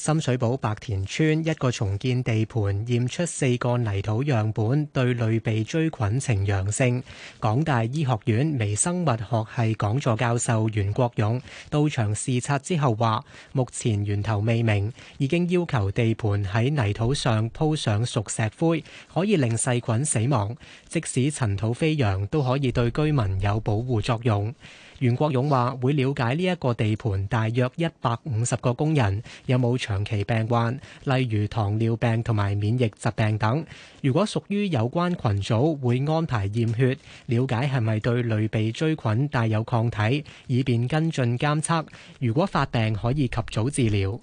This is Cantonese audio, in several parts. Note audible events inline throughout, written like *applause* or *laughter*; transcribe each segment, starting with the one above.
深水埗白田村一個重建地盤驗出四個泥土樣本對類鼻疽菌呈陽性。港大醫學院微生物學系講座教授袁國勇到場視察之後話：目前源頭未明，已經要求地盤喺泥土上鋪上熟石灰，可以令細菌死亡。即使塵土飛揚，都可以對居民有保護作用。袁國勇話：會了解呢一個地盤大約一百五十個工人有冇長期病患，例如糖尿病同埋免疫疾病等。如果屬於有關群組，會安排驗血，了解係咪對類鼻疽菌帶有抗體，以便跟進監測。如果發病，可以及早治療。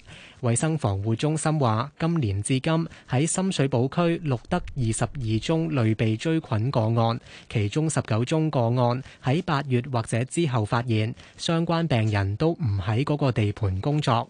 衛生防護中心話，今年至今喺深水埗區錄得二十二宗類鼻疽菌個案，其中十九宗個案喺八月或者之後發現，相關病人都唔喺嗰個地盤工作。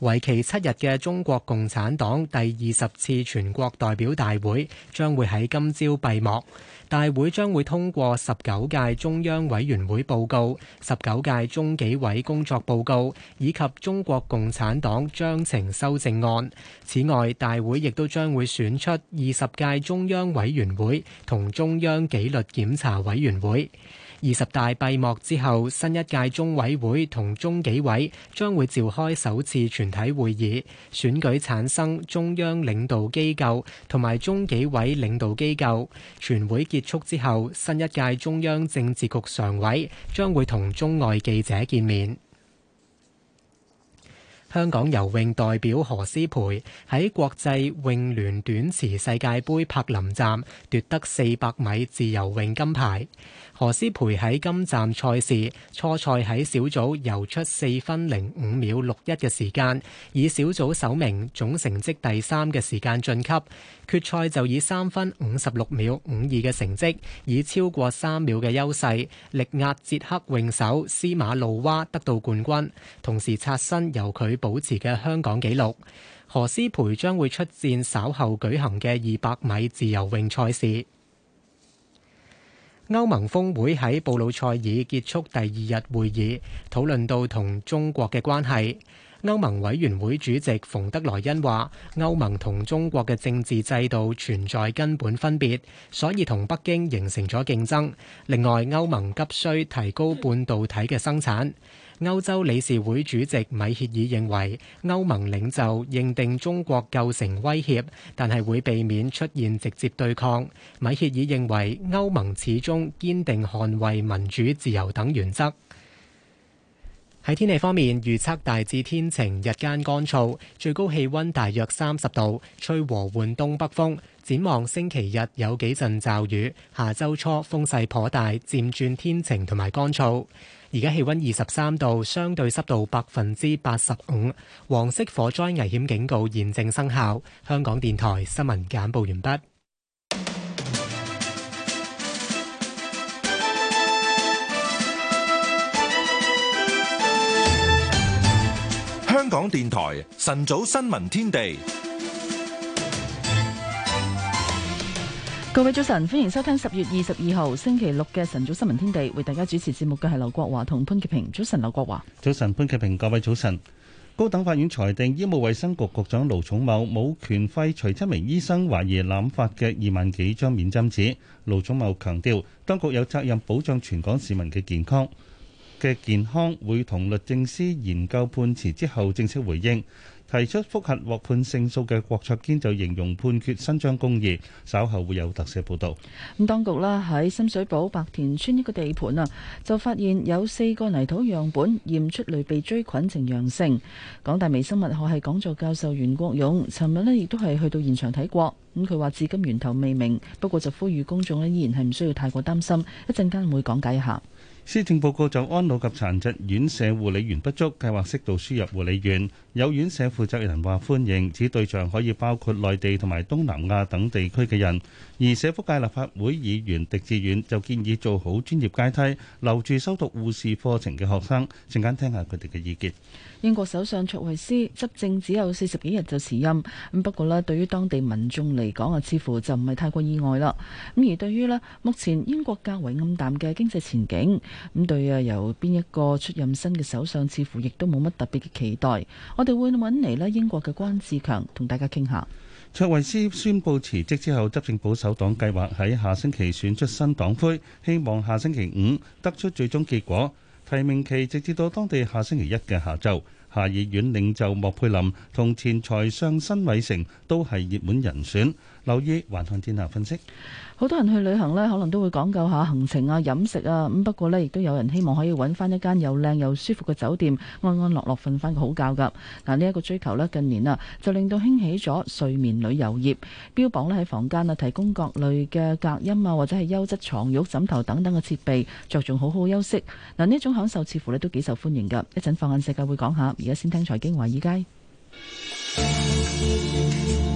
為期七日嘅中國共產黨第二十次全國代表大會將會喺今朝閉幕，大會將會通過十九屆中央委員會報告、十九屆中紀委工作報告以及中國共產黨章程修正案。此外，大會亦都將會選出二十屆中央委員會同中央紀律檢查委員會。二十大閉幕之後，新一屆中委會同中紀委將會召開首次全體會議，選舉產生中央領導機構同埋中紀委領導機構。全會結束之後，新一屆中央政治局常委將會同中外記者見面。香港游泳代表何詩蓓喺國際泳聯短池世界盃柏林站奪得四百米自由泳金牌。何詩蓓喺今站賽事初賽喺小組游出四分零五秒六一嘅時間，以小組首名，總成績第三嘅時間晉級。決賽就以三分五十六秒五二嘅成績，以超過三秒嘅優勢力壓捷克泳手斯馬路娃得到冠軍，同時刷新由佢保持嘅香港紀錄。何詩蓓將會出戰稍後舉行嘅二百米自由泳賽事。歐盟峰會喺布魯塞爾結束第二日會議，討論到同中國嘅關係。歐盟委員會主席馮德萊恩話，歐盟同中國嘅政治制度存在根本分別，所以同北京形成咗競爭。另外，歐盟急需提高半導體嘅生產。歐洲理事會主席米歇爾認為，歐盟領袖認定中國構成威脅，但係會避免出現直接對抗。米歇爾認為，歐盟始終堅定捍衛民主、自由等原則。喺天氣方面，預測大致天晴，日間乾燥，最高氣溫大約三十度，吹和緩東北風。展望星期日有幾陣驟雨，下周初風勢頗大，漸轉天晴同埋乾燥。而家氣溫二十三度，相對濕度百分之八十五，黃色火災危險警告現正生效。香港電台新聞簡報完畢。香港電台晨早新聞天地。各位早晨，歡迎收聽十月二十二號星期六嘅晨早新聞天地，為大家主持節目嘅係劉國華同潘潔平。早晨，劉國華。早晨，潘潔平。各位早晨。高等法院裁定醫務衛生局局長盧寵茂冇權廢除七名醫生懷疑濫發嘅二萬幾張免針紙。盧寵茂強調，當局有責任保障全港市民嘅健康嘅健康，會同律政司研究判詞之後正式回應。提出覆核獲判勝訴嘅郭卓堅就形容判決伸張公義，稍後會有特寫報導。咁當局咧喺深水埗白田村一個地盤啊，就發現有四個泥土樣本驗出類鼻疽菌呈陽性。港大微生物學系講座教授袁國勇尋日呢亦都係去到現場睇過，咁佢話至今源頭未明，不過就呼籲公眾呢依然係唔需要太過擔心，一陣間會講解一下。施政報告就安老及殘疾院舍護理員不足，計劃適度輸入護理員。有院舍負責人話歡迎，指對象可以包括內地同埋東南亞等地區嘅人。而社福界立法會議員狄志遠就建議做好專業階梯，留住修讀護士課程嘅學生。陣間聽下佢哋嘅意見。英國首相卓維斯執政只有四十幾日就辭任，咁不過咧，對於當地民眾嚟講啊，似乎就唔係太過意外啦。咁而對於咧，目前英國較為暗淡嘅經濟前景，咁對啊，由邊一個出任新嘅首相，似乎亦都冇乜特別嘅期待。我哋會揾嚟咧，英國嘅關志強同大家傾下。卓維斯宣佈辭職之後，執政保守黨計劃喺下星期選出新黨魁，希望下星期五得出最終結果。提名期直至到當地下星期一嘅下晝，下議院領袖莫佩林同前財相辛偉誠都係熱門人選。留意環行天下分析。好多人去旅行呢，可能都會講究下行程啊、飲食啊。咁不過呢，亦都有人希望可以揾翻一間又靚又舒服嘅酒店，安安樂樂瞓翻個好覺㗎。嗱，呢一個追求呢，近年啊，就令到興起咗睡眠旅遊業，標榜呢，喺房間啊提供各類嘅隔音啊，或者係優質床褥、枕頭等等嘅設備，着重好好休息。嗱，呢種享受似乎呢，都幾受歡迎㗎。一陣放眼世界會講下，而家先聽財經華爾街。 *music*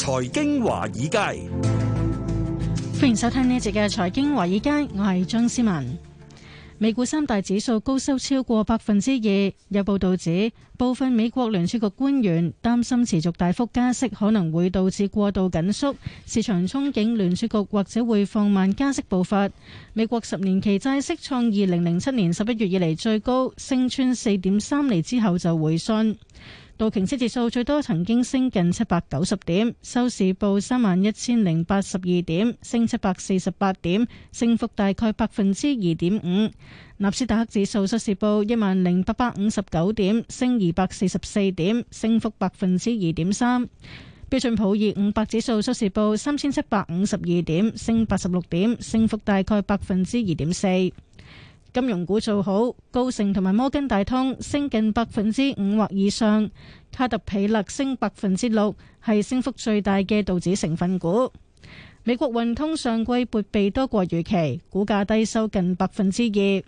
財經華爾街，歡迎收聽呢一節嘅財經華爾街，我係張思文。美股三大指數高收超過百分之二，有報道指部分美國聯儲局官員擔心持續大幅加息可能會導致過度緊縮，市場憧憬聯儲局或者會放慢加息步伐。美國十年期債息創二零零七年十一月以嚟最高，升穿四點三厘之後就回順。道瓊斯指數最多曾經升近七百九十點，收市報三萬一千零八十二點，升七百四十八點，升幅大概百分之二點五。納斯達克指數收市報一萬零八百五十九點，升二百四十四點，升幅百分之二點三。標準普爾五百指數收市報三千七百五十二點，升八十六點，升幅大概百分之二點四。金融股做好，高盛同埋摩根大通升近百分之五或以上，卡特彼勒升百分之六，係升幅最大嘅道指成分股。美國運通上季撥備多過預期，股價低收近百分之二。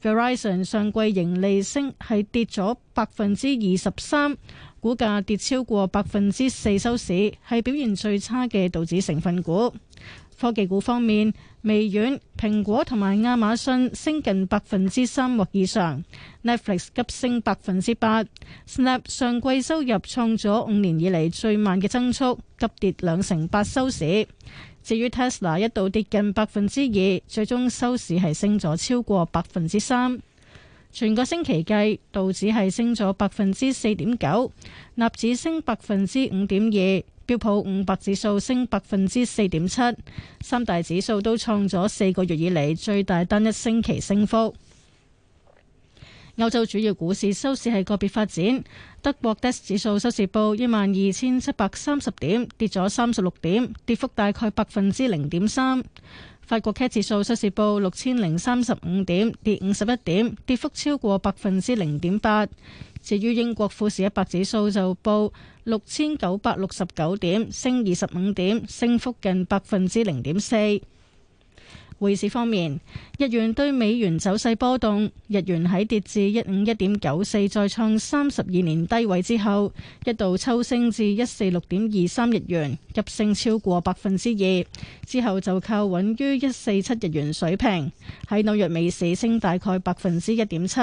Verizon 上季盈利升係跌咗百分之二十三，股價跌超過百分之四收市，係表現最差嘅道指成分股。科技股方面。微軟、蘋果同埋亞馬遜升近百分之三或以上，Netflix 急升百分之八，Snap 上季收入創咗五年以嚟最慢嘅增速，急跌兩成八收市。至於 Tesla 一度跌近百分之二，最終收市係升咗超過百分之三。全個星期計，道指係升咗百分之四點九，納指升百分之五點二。標普五百指數升百分之四點七，三大指數都創咗四個月以嚟最大單一星期升幅。歐洲主要股市收市係個別發展，德國 DAX 指數收市報一萬二千七百三十點，跌咗三十六點，跌幅大概百分之零點三。法國 CAC 指數收市報六千零三十五點，跌五十一點，跌幅超過百分之零點八。至於英國富時一百指數就報六千九百六十九點，升二十五點，升幅近百分之零點四。匯市方面，日元對美元走勢波動，日元喺跌至一五一點九四，再創三十二年低位之後，一度抽升至一四六點二三日元，急升超過百分之二，之後就靠穩於一四七日元水平，喺紐約美市升大概百分之一點七。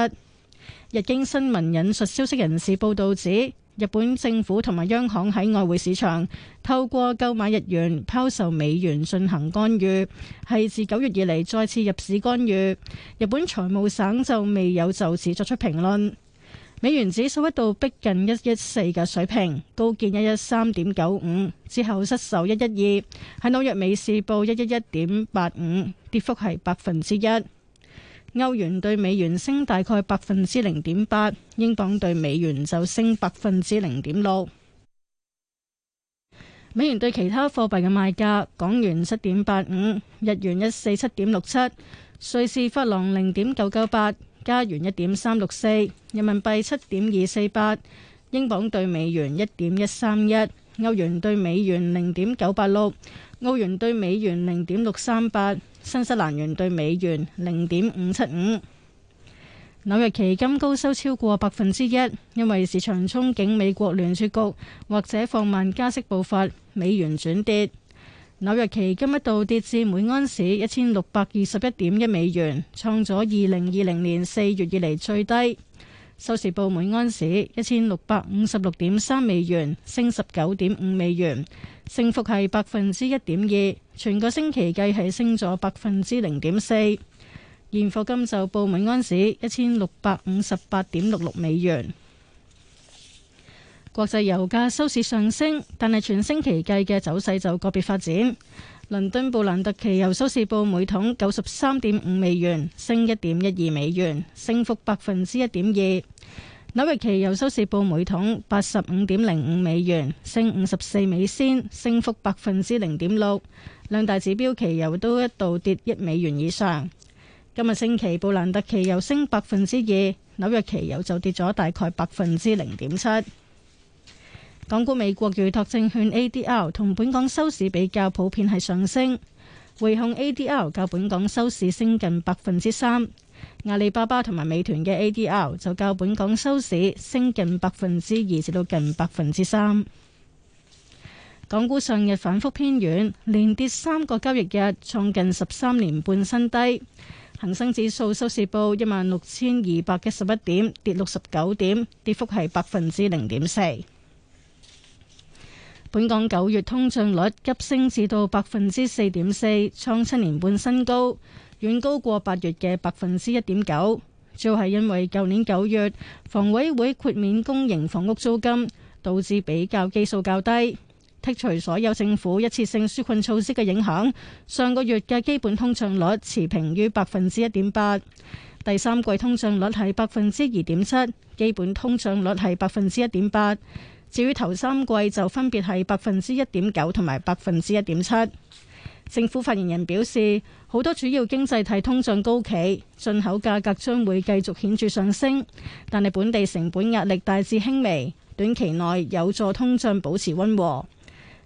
日經新聞引述消息人士報道指，日本政府同埋央行喺外匯市場透過購買日元拋售美元進行干預，係自九月以嚟，再次入市干預。日本財務省就未有就此作出評論。美元指數一度逼近一一四嘅水平，高見一一三點九五之後失守一一二，喺紐約美市報一一一點八五，跌幅係百分之一。歐元對美元升大概百分之零點八，英鎊對美元就升百分之零點六。美元對其他貨幣嘅賣價：港元七點八五，日元一四七點六七，瑞士法郎零點九九八，加元一點三六四，人民幣七點二四八，英鎊對美元一點一三一，歐元對美元零點九八六，澳元對美元零點六三八。新西蘭元對美元零點五七五，紐約期金高收超過百分之一，因為市場憧憬美國聯儲局或者放慢加息步伐，美元轉跌。紐約期金一度跌至每盎司一千六百二十一點一美元，創咗二零二零年四月以嚟最低。收市報每盎司一千六百五十六點三美元，升十九點五美元。升幅係百分之一點二，全個星期計係升咗百分之零點四。現貨金就報每安士一千六百五十八點六六美元。國際油價收市上升，但係全星期計嘅走勢就個別發展。倫敦布蘭特期油收市報每桶九十三點五美元，升一點一二美元，升幅百分之一點二。紐約期油收市報每桶八十五點零五美元，升五十四美仙，升幅百分之零點六。兩大指標期油都一度跌一美元以上。今日星期布蘭特期油升百分之二，紐約期油就跌咗大概百分之零點七。港股美國預託證券 ADR 同本港收市比較普遍係上升，匯控 ADR 較本港收市升近百分之三。阿里巴巴同埋美團嘅 ADR 就較本港收市升近百分之二，至到近百分之三。港股上日反覆偏軟，連跌三個交易日，創近十三年半新低。恒生指數收市報一萬六千二百一十一點，跌六十九點，跌幅係百分之零點四。本港九月通脹率急升至到百分之四點四，創七年半新高。遠高過八月嘅百分之一點九，主要係因為舊年九月房委會豁免公營房屋租金，導致比較基數較低。剔除所有政府一次性紓困措施嘅影響，上個月嘅基本通脹率持平於百分之一點八。第三季通脹率係百分之二點七，基本通脹率係百分之一點八。至於頭三季就分別係百分之一點九同埋百分之一點七。政府發言人表示，好多主要經濟體通脹高企，進口價格將會繼續顯著上升，但係本地成本壓力大致輕微，短期內有助通脹保持溫和。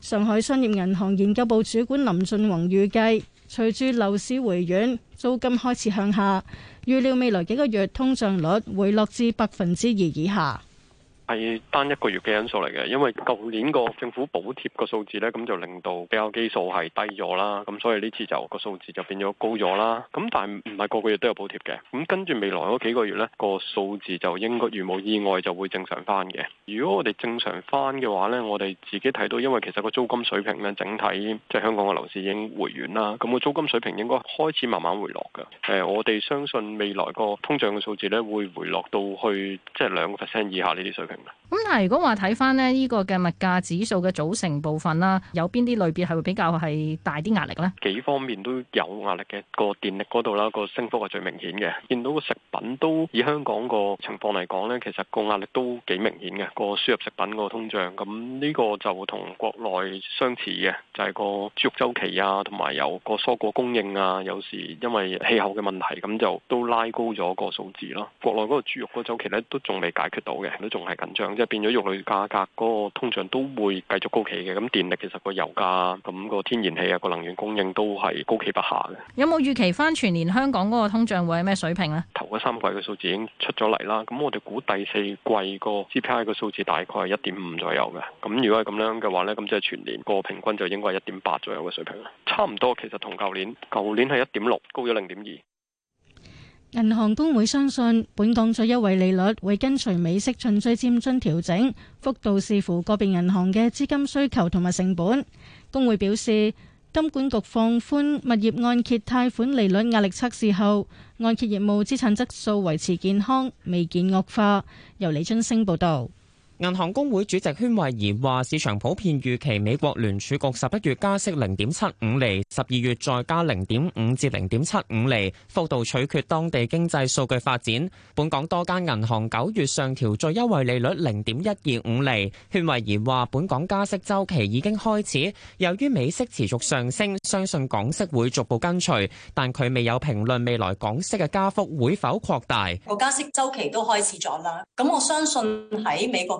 上海商業銀行研究部主管林俊宏預計，隨住樓市回軟，租金開始向下，預料未來幾個月通脹率回落至百分之二以下。係單一個月嘅因素嚟嘅，因為舊年個政府補貼個數字呢，咁就令到比較基數係低咗啦。咁所以呢次就個數字就變咗高咗啦。咁但係唔係個個月都有補貼嘅。咁跟住未來嗰幾個月呢，個數字就應該如冇意外就會正常翻嘅。如果我哋正常翻嘅話呢，我哋自己睇到，因為其實個租金水平呢，整體即係、就是、香港個樓市已經回軟啦。咁、那個租金水平應該開始慢慢回落嘅。誒、呃，我哋相信未來個通脹嘅數字呢，會回落到去即係兩個 percent 以下呢啲水平。咁但係如果話睇翻呢，呢個嘅物價指數嘅組成部分啦，有邊啲類別係會比較係大啲壓力呢？幾方面都有壓力嘅，個電力嗰度啦，個升幅係最明顯嘅。見到個食品都以香港個情況嚟講呢，其實個壓力都幾明顯嘅。個輸入食品個通脹，咁呢個就同國內相似嘅，就係個豬肉周期啊，同埋有個蔬果供應啊，有時因為氣候嘅問題，咁就都拉高咗個數字咯。國內嗰個豬肉個周期咧，都仲未解決到嘅，都仲係。形象即係變咗，肉類價格嗰個通脹都會繼續高企嘅。咁電力其實個油價、咁個天然氣啊、個能源供應都係高企不下嘅。有冇預期翻全年香港嗰個通脹會係咩水平呢？頭嗰三季嘅數字已經出咗嚟啦。咁我哋估第四季個 CPI 嘅數字大概係一點五左右嘅。咁如果係咁樣嘅話呢，咁即係全年個平均就應該係一點八左右嘅水平。差唔多，其實同舊年，舊年係一點六，高咗零點二。銀行公會相信，本港最優惠利率會跟隨美息循序漸進調整，幅度視乎個別銀行嘅資金需求同埋成本。公會表示，金管局放寬物業按揭貸款利率壓力測試後，按揭業務資產質素維持健康，未見惡化。由李春星報道。銀行公會主席禤慧儀話：市場普遍預期美國聯儲局十一月加息0.75厘，十二月再加0.5至0.75厘，幅度取決當地經濟數據發展。本港多間銀行九月上調最優惠利率0.125厘。禤慧儀話：本港加息週期已經開始，由於美息持續上升，相信港息會逐步跟隨，但佢未有評論未來港息嘅加幅會否擴大。個加息週期都開始咗啦，咁我相信喺美國。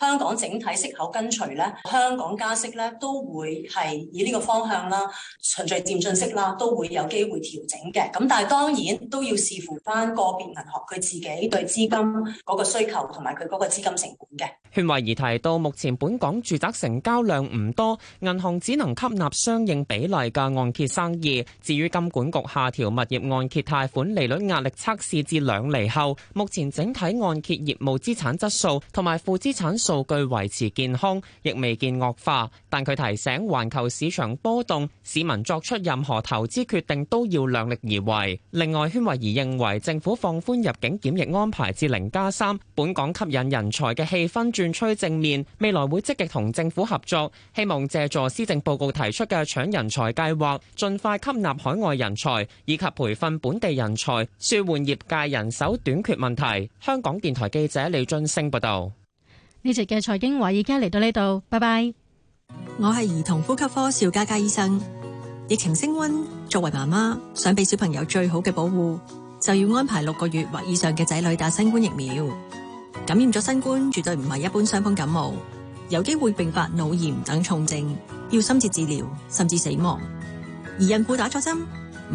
香港整體息口跟隨咧，香港加息咧都會係以呢個方向啦，循序漸進式啦，都會有機會調整嘅。咁但係當然都要視乎返個別銀行佢自己對資金嗰個需求同埋佢嗰個資金成本嘅。禤慧怡提到，目前本港住宅成交量唔多，銀行只能吸納相應比例嘅按揭生意。至於金管局下調物業按揭貸款利率壓力測試至兩厘後，目前整體按揭業務資產質素同埋負資產數據維持健康，亦未見惡化。但佢提醒環球市場波動，市民作出任何投資決定都要量力而為。另外，軒惠儀認為政府放寬入境檢疫安排至零加三，3, 本港吸引人才嘅氣氛轉趨正面，未來會積極同政府合作，希望借助施政報告提出嘅搶人才計劃，盡快吸納海外人才以及培訓本地人才，舒緩業界人手短缺問題。香港電台記者李津升報道。呢集嘅財經華爾街嚟到呢度，拜拜。我係兒童呼吸科邵嘉嘉醫生。疫情升温，作為媽媽想俾小朋友最好嘅保護，就要安排六個月或以上嘅仔女打新冠疫苗。感染咗新冠絕對唔係一般傷風感冒，有機會併發腦炎等重症，要深切治療甚至死亡。而孕婦打咗針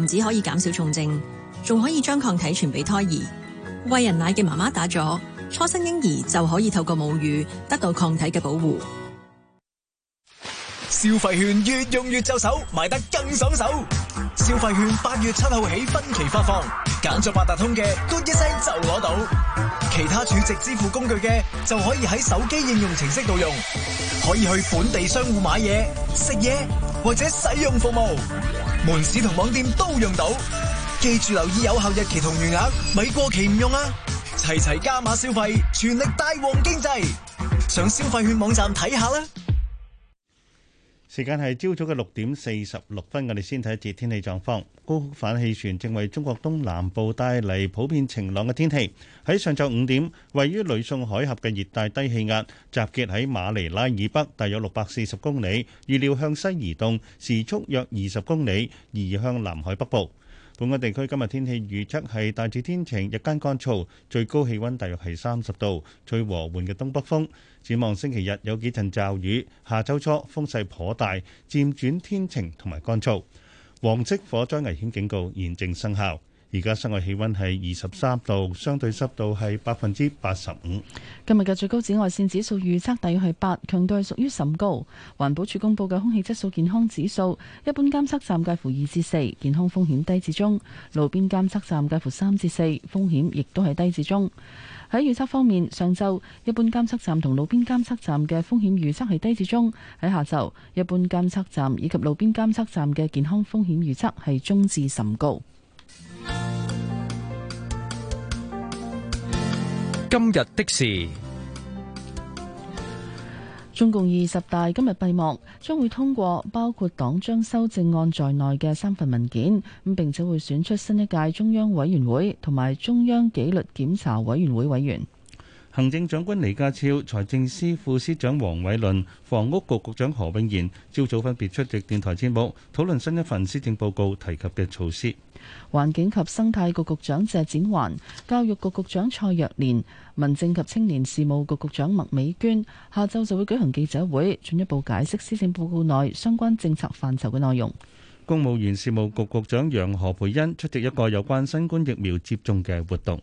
唔止可以減少重症，仲可以將抗體傳俾胎兒。喂人奶嘅媽媽打咗。初生嬰兒就可以透過母乳得到抗體嘅保護。消費券越用越就手，買得更爽手。消費券八月七號起分期發放，揀咗八達通嘅，嘟一聲就攞到。其他儲值支付工具嘅就可以喺手機應用程式度用，可以去本地商戶買嘢、食嘢或者使用服務，門市同網店都用到。記住留意有效日期同餘額，咪過期唔用啊！齊齊加碼消費，全力帶旺經濟，上消費券網站睇下啦。時間係朝早嘅六點四十六分，我哋先睇一節天氣狀況。高空反氣旋正為中國東南部帶嚟普遍晴朗嘅天氣。喺上晝五點，位於呂宋海峽嘅熱帶低氣壓集結喺馬尼拉以北大約六百四十公里，預料向西移動，時速約二十公里，移向南海北部。本港地區今日天氣預測係大致天晴，日間乾燥，最高氣溫大約係三十度，吹和緩嘅東北風。展望星期日有幾陣驟雨，下周初風勢頗大，漸轉天晴同埋乾燥。黃色火災危險警告現正生效。而家室外氣溫係二十三度，相對濕度係百分之八十五。今日嘅最高紫外線指數預測大約係八，強度係屬於甚高。環保署公布嘅空氣質素健康指數，一般監測站介乎二至四，健康風險低至中；路邊監測站介乎三至四，風險亦都係低至中。喺預測方面，上晝一般監測站同路邊監測站嘅風險預測係低至中；喺下晝一般監測站以及路邊監測站嘅健康風險預測係中至甚高。今日的事，中共二十大今日閉幕，將會通過包括黨章修正案在內嘅三份文件，咁並且會選出新一屆中央委員會同埋中央紀律檢查委員會委員。行政長官李家超、財政司副司長黃偉綸、房屋局局、局長何永賢，朝早分別出席電台節目，討論新一份施政報告提及嘅措施。環境及生態局、局局長謝展寰、教育局局長蔡若蓮、民政及青年事務局局、局長麥美娟，下晝就會舉行記者會，進一步解釋施政報告內相關政策範疇嘅內容。公務員事務局局、局長楊何蓓茵出席一個有關新冠疫苗接種嘅活動。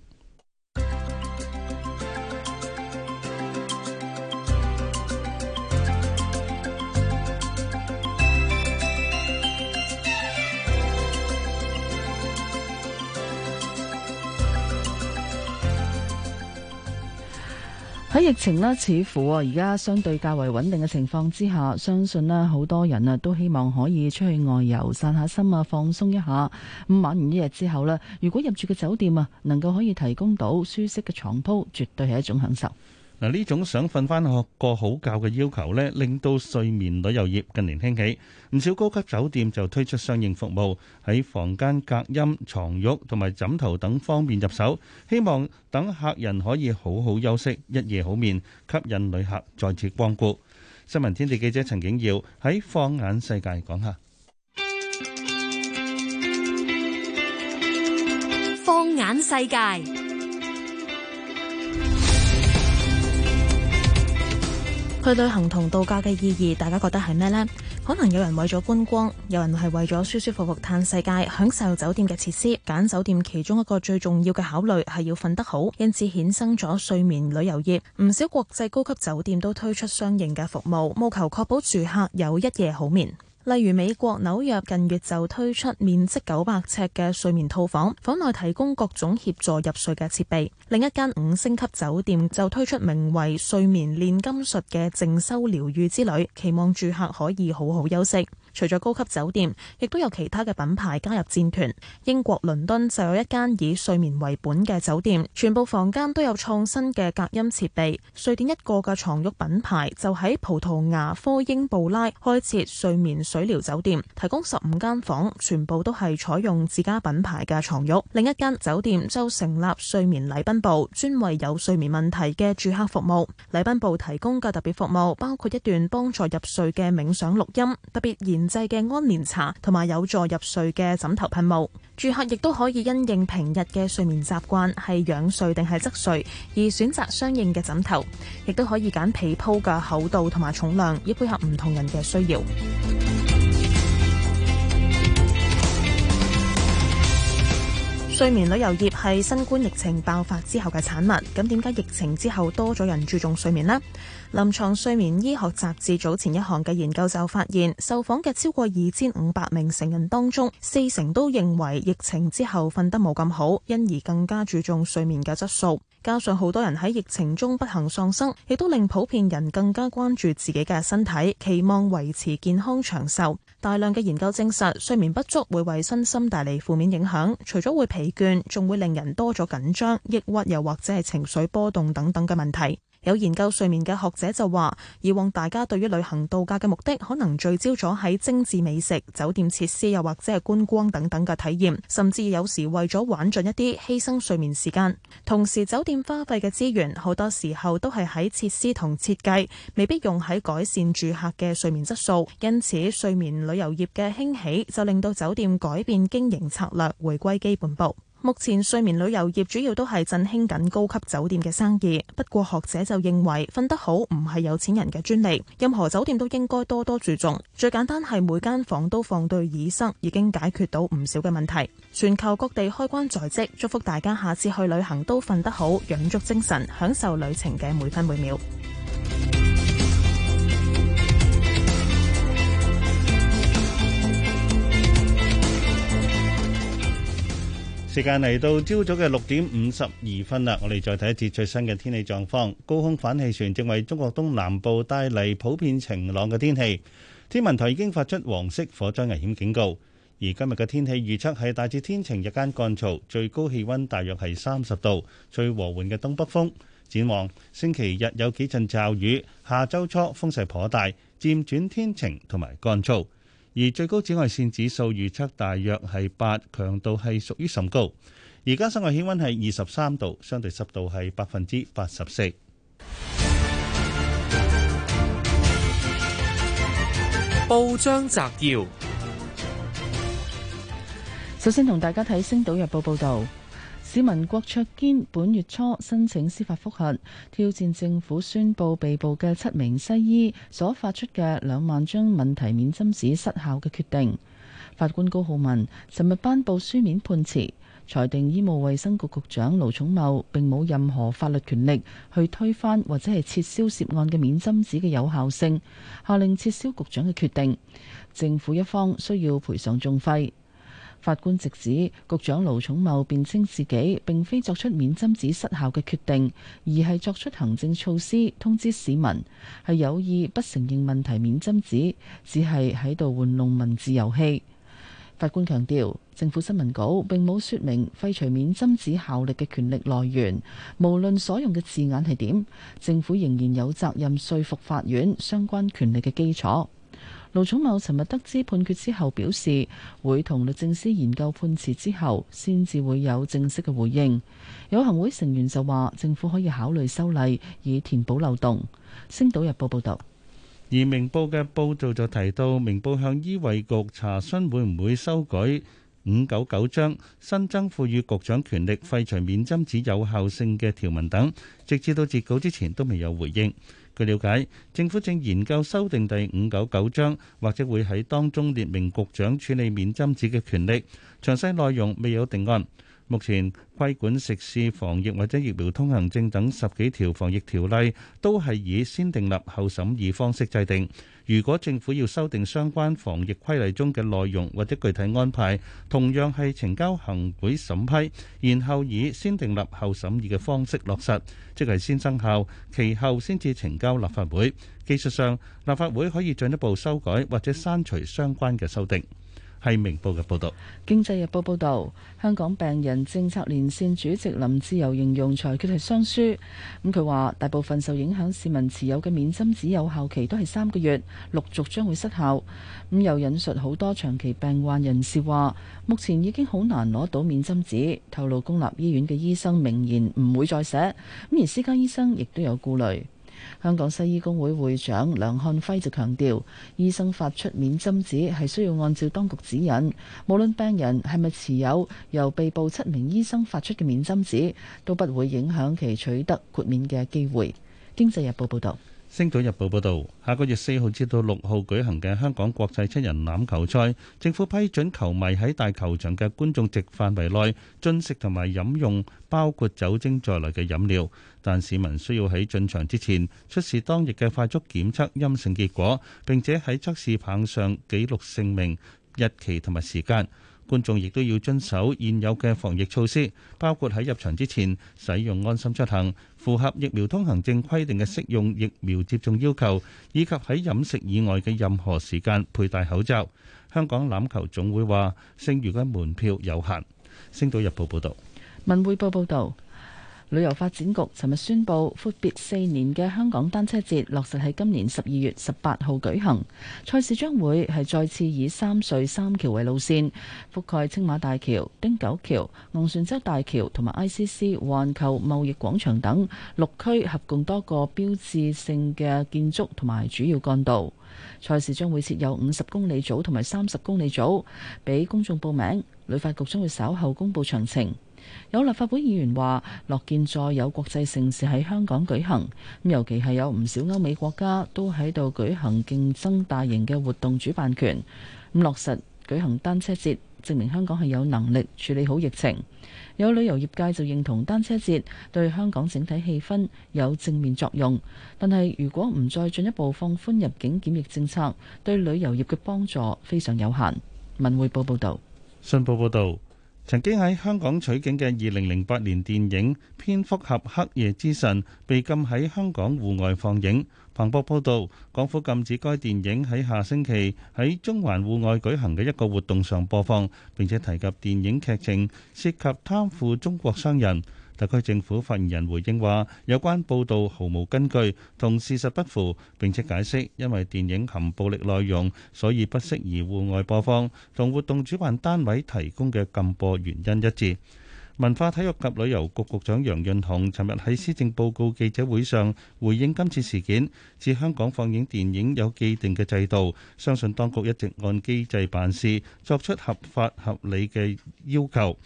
喺疫情呢，似乎啊，而家相對較為穩定嘅情況之下，相信呢，好多人啊都希望可以出去外遊，散下心啊，放鬆一下。咁玩完一日之後呢，如果入住嘅酒店啊，能夠可以提供到舒適嘅床鋪，絕對係一種享受。嗱，呢種想瞓翻學個好覺嘅要求咧，令到睡眠旅遊業近年興起，唔少高級酒店就推出相應服務，喺房間隔音、牀褥同埋枕頭等方面入手，希望等客人可以好好休息一夜好眠，吸引旅客再次光顧。新聞天地記者陳景耀喺放眼世界講下，放眼世界。去旅行同度假嘅意義，大家覺得係咩呢？可能有人為咗觀光，有人係為咗舒舒服服嘆世界，享受酒店嘅設施。揀酒店其中一個最重要嘅考慮係要瞓得好，因此衍生咗睡眠旅遊業。唔少國際高級酒店都推出相應嘅服務，務求確保住客有一夜好眠。例如，美國紐約近月就推出面積九百尺嘅睡眠套房，房內提供各種協助入睡嘅設備。另一間五星級酒店就推出名為《睡眠煉金術》嘅靜修療癒之旅，期望住客可以好好休息。除咗高級酒店，亦都有其他嘅品牌加入戰團。英國倫敦就有一間以睡眠為本嘅酒店，全部房間都有創新嘅隔音設備。瑞典一個嘅床褥品牌就喺葡萄牙科英布拉開設睡眠水療酒店，提供十五間房，全部都係採用自家品牌嘅床褥。另一間酒店就成立睡眠禮賓部，專為有睡眠問題嘅住客服務。禮賓部提供嘅特別服務包括一段幫助入睡嘅冥想錄音，特別現製嘅安眠茶同埋有助入睡嘅枕頭噴霧，住客亦都可以因應平日嘅睡眠習慣，係仰睡定係側睡，而選擇相應嘅枕頭，亦都可以揀被鋪嘅厚度同埋重量，以配合唔同人嘅需要。睡眠旅遊業係新冠疫情爆發之後嘅產物，咁點解疫情之後多咗人注重睡眠呢？臨床睡眠醫學雜誌早前一項嘅研究就發現，受訪嘅超過二千五百名成人當中，四成都認為疫情之後瞓得冇咁好，因而更加注重睡眠嘅質素。加上好多人喺疫情中不幸喪生，亦都令普遍人更加關注自己嘅身體，期望維持健康長壽。大量嘅研究證實，睡眠不足會為身心帶嚟負面影響，除咗會疲倦，仲會令人多咗緊張、抑鬱，又或者係情緒波動等等嘅問題。有研究睡眠嘅學者就話，以往大家對於旅行度假嘅目的，可能聚焦咗喺精致美食、酒店設施，又或者係觀光等等嘅體驗，甚至有時為咗玩盡一啲，犧牲睡眠時間，同時酒店花費嘅資源好多時候都係喺設施同設計，未必用喺改善住客嘅睡眠質素。因此，睡眠旅遊業嘅興起就令到酒店改變經營策略，回歸基本步。目前睡眠旅遊業主要都係振興緊高級酒店嘅生意，不過學者就認為瞓得好唔係有錢人嘅專利，任何酒店都應該多多注重。最簡單係每間房都放對耳塞，已經解決到唔少嘅問題。全球各地開關在即，祝福大家下次去旅行都瞓得好，養足精神，享受旅程嘅每分每秒。時間嚟到朝早嘅六點五十二分啦，我哋再睇一節最新嘅天氣狀況。高空反氣旋正為中國東南部帶嚟普遍晴朗嘅天氣。天文台已經發出黃色火災危險警告，而今日嘅天氣預測係大致天晴，日間乾燥，最高氣温大約係三十度，最和緩嘅東北風。展望星期日有幾陣驟雨，下周初風勢頗大，漸轉天晴同埋乾燥。而最高紫外線指數預測大約係八，強度係屬於甚高。而家室外氣温係二十三度，相對濕度係百分之八十四。報章摘要，首先同大家睇《星島日報》報道。市民郭卓堅本月初申請司法復核，挑戰政府宣布被捕嘅七名西醫所發出嘅兩萬張問題免針紙失效嘅決定。法官高浩文尋日頒布書面判詞，裁定醫務衛生局局長盧寵茂並冇任何法律權力去推翻或者係撤銷涉案嘅免針紙嘅有效性，下令撤銷局長嘅決定。政府一方需要賠償訟費。法官直指，局長盧寵茂辯稱自己並非作出免針紙失效嘅決定，而係作出行政措施通知市民，係有意不承認問題免針紙，只係喺度玩弄文字遊戲。法官強調，政府新聞稿並冇說明廢除免針紙效力嘅權力來源，無論所用嘅字眼係點，政府仍然有責任說服法院相關權力嘅基礎。盧寵茂尋日得知判決之後，表示會同律政司研究判詞之後，先至會有正式嘅回應。有行會成員就話，政府可以考慮修例以填補漏洞。星島日報報道，而明報嘅報道就提到，明報向醫衛局查詢會唔會修改五九九章，新增賦予局長權力廢除免針紙有效性嘅條文等，直至到截稿之前都未有回應。據了解，政府正研究修訂第五九九章，或者會喺當中列明局長處理免針紙嘅權力。詳細內容未有定案。目前規管食肆防疫或者疫苗通行證等十幾條防疫條例，都係以先訂立後審議方式制定。如果政府要修訂相關防疫規例中嘅內容或者具體安排，同樣係呈交行會審批，然後以先訂立後審議嘅方式落實，即係先生效，其後先至呈交立法會。技術上，立法會可以進一步修改或者刪除相關嘅修訂。係明報嘅報道，《經濟日報》報道，香港病人政策連線主席林志游形容裁決係雙輸。咁佢話大部分受影響市民持有嘅免針紙有效期都係三個月，陸續將會失效。咁、嗯、又引述好多長期病患人士話，目前已經好難攞到免針紙。透露公立醫院嘅醫生明言唔會再寫，咁而私家醫生亦都有顧慮。香港西醫工會會長梁漢輝就強調，醫生發出免針紙係需要按照當局指引，無論病人係咪持有由被捕七名醫生發出嘅免針紙，都不會影響其取得豁免嘅機會。經濟日報報道。星島日報報導，下個月四號至到六號舉行嘅香港國際七人欖球賽，政府批准球迷喺大球場嘅觀眾席範圍內進食同埋飲用包括酒精在內嘅飲料，但市民需要喺進場之前出示當日嘅快速檢測陰性結果，並且喺測試棒上記錄姓名、日期同埋時間。觀眾亦都要遵守現有嘅防疫措施，包括喺入場之前使用安心出行、符合疫苗通行證規定嘅適用疫苗接種要求，以及喺飲食以外嘅任何時間佩戴口罩。香港欖球總會話，剩餘嘅門票有限。星島日報報道。文匯報報導。旅遊發展局尋日宣佈，闊別四年嘅香港單車節落實喺今年十二月十八號舉行。賽事將會係再次以三隧三橋為路綫，覆蓋青馬大橋、汀九橋、昂船洲大橋同埋 ICC 環球貿易廣場等六區，合共多個標誌性嘅建築同埋主要幹道。賽事將會設有五十公里組同埋三十公里組，俾公眾報名。旅發局將會稍後公佈詳情。有立法會議員話：樂見再有國際盛事喺香港舉行，尤其係有唔少歐美國家都喺度舉行競爭大型嘅活動主辦權。咁落實舉行單車節，證明香港係有能力處理好疫情。有旅遊業界就認同單車節對香港整體氣氛有正面作用，但係如果唔再進一步放寬入境檢疫政策，對旅遊業嘅幫助非常有限。文匯報報道。信報報導。曾經喺香港取景嘅二零零八年電影《蝙蝠俠黑夜之神》被禁喺香港戶外放映。彭博報道，港府禁止該電影喺下星期喺中環戶外舉行嘅一個活動上播放，並且提及電影劇情涉及貪腐中國商人。特區政府發言人回應話：有關報道毫無根據，同事實不符，並且解釋，因為電影含暴力內容，所以不適宜戶外播放，同活動主辦單位提供嘅禁播原因一致。文化體育及旅遊局局長楊潤雄尋日喺施政報告記者會上回應今次事件，指香港放映電影有既定嘅制度，相信當局一直按機制辦事，作出合法合理嘅要求。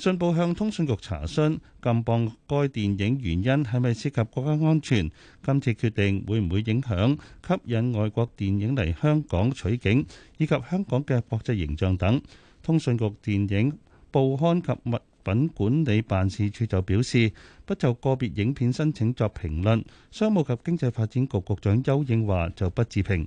信報向通訊局查詢禁播該電影原因係咪涉及國家安全？今次決定會唔會影響吸引外國電影嚟香港取景，以及香港嘅國際形象等？通訊局電影報刊及物品管理辦事處就表示不就個別影片申請作評論。商務及經濟發展局局長丘應樺就不置評。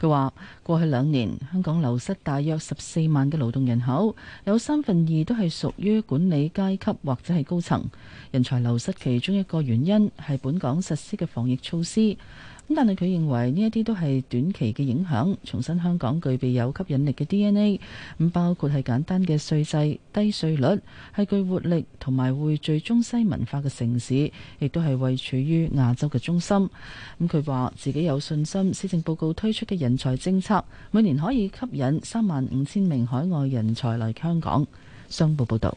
佢話：過去兩年，香港流失大約十四萬嘅勞動人口，有三分二都係屬於管理階級或者係高層，人才流失其中一個原因係本港實施嘅防疫措施。咁但係佢認為呢一啲都係短期嘅影響，重申香港具備有吸引力嘅 DNA，咁包括係簡單嘅稅制、低稅率，係具活力同埋匯聚中西文化嘅城市，亦都係位處於亞洲嘅中心。咁佢話自己有信心，施政報告推出嘅人才政策每年可以吸引三萬五千名海外人才嚟香港。商報報道。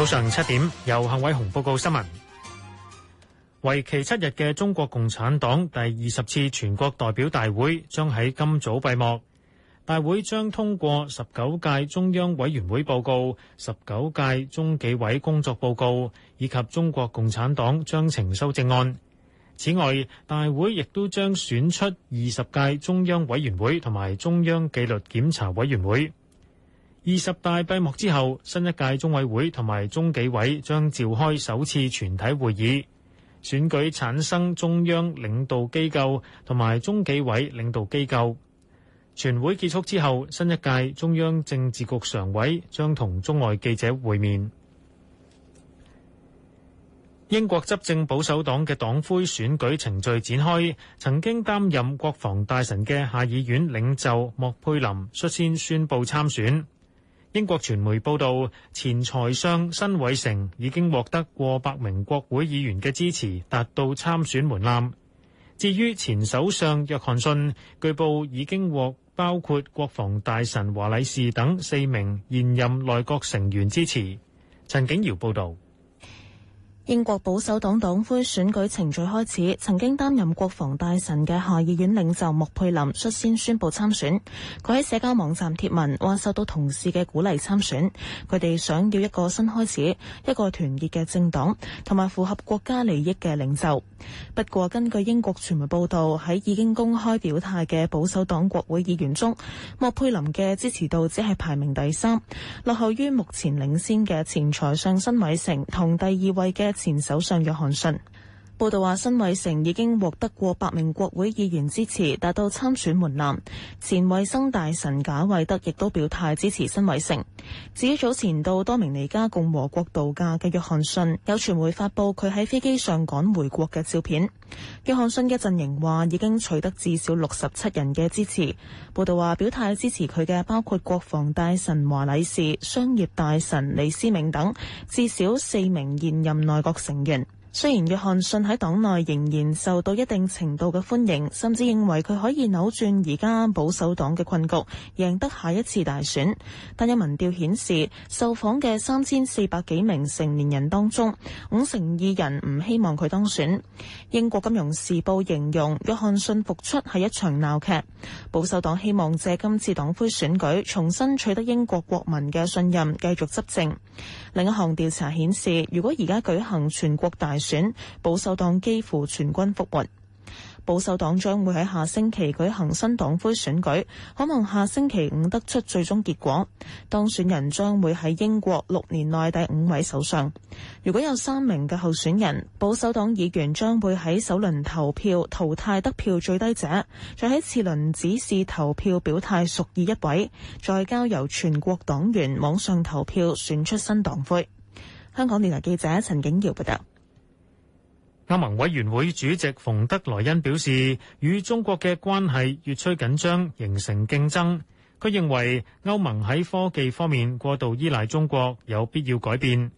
早上七點，由幸偉雄報告新聞。為期七日嘅中國共產黨第二十次全國代表大會將喺今早閉幕。大會將通過十九屆中央委員會報告、十九屆中紀委工作報告，以及中國共產黨章程修正案。此外，大會亦都將選出二十屆中央委員會同埋中央紀律檢查委員會。二十大閉幕之後，新一屆中委會同埋中紀委將召開首次全體會議，選舉產生中央領導機構同埋中紀委領導機構。全會結束之後，新一屆中央政治局常委將同中外記者會面。英國執政保守黨嘅黨魁選舉程序展開，曾經擔任國防大臣嘅下議院領袖莫佩林率先宣佈參選。英國傳媒報道，前財相辛偉成已經獲得過百名國會議員嘅支持，達到參選門檻。至於前首相約翰遜，據報已經獲包括國防大臣華禮士等四名現任內閣成員支持。陳景瑤報導。英國保守黨黨魁選舉程序開始，曾經擔任國防大臣嘅下議院領袖莫佩林率先宣布參選。佢喺社交網站貼文話受到同事嘅鼓勵參選，佢哋想要一個新開始，一個團結嘅政黨，同埋符合國家利益嘅領袖。不過根據英國傳媒報道，喺已經公開表態嘅保守黨國會議員中，莫佩林嘅支持度只係排名第三，落後於目前領先嘅前財相辛偉誠同第二位嘅。前首相約翰遜。報道話，辛偉誠已經獲得過百名國會議員支持，達到參選門檻。前衞生大臣賈偉德亦都表態支持辛偉誠。至於早前到多明尼加共和國度假嘅約翰遜，有傳媒發布佢喺飛機上趕回國嘅照片。約翰遜嘅陣營話已經取得至少六十七人嘅支持。報道話，表態支持佢嘅包括國防大臣華禮士、商業大臣李思明等至少四名現任內閣成員。雖然約翰遜喺黨內仍然受到一定程度嘅歡迎，甚至認為佢可以扭轉而家保守黨嘅困局，贏得下一次大選，但有民調顯示，受訪嘅三千四百幾名成年人當中，五成二人唔希望佢當選。英國金融時報形容約翰遜復出係一場鬧劇。保守黨希望借今次黨魁選舉重新取得英國國民嘅信任，繼續執政。另一項調查顯示，如果而家舉行全國大，選保守黨幾乎全軍覆沒。保守黨將會喺下星期舉行新黨魁選舉，可望下星期五得出最終結果。當選人將會喺英國六年內第五位首相。如果有三名嘅候選人，保守黨議員將會喺首輪投票淘汰得票最低者，再喺次輪指示投票表態，屬意一位，再交由全國黨員網上投票選出新黨魁。香港電台記者陳景瑤報道。歐盟委員會主席馮德萊恩表示，與中國嘅關係越趨緊張，形成競爭，佢認為歐盟喺科技方面過度依賴中國，有必要改變。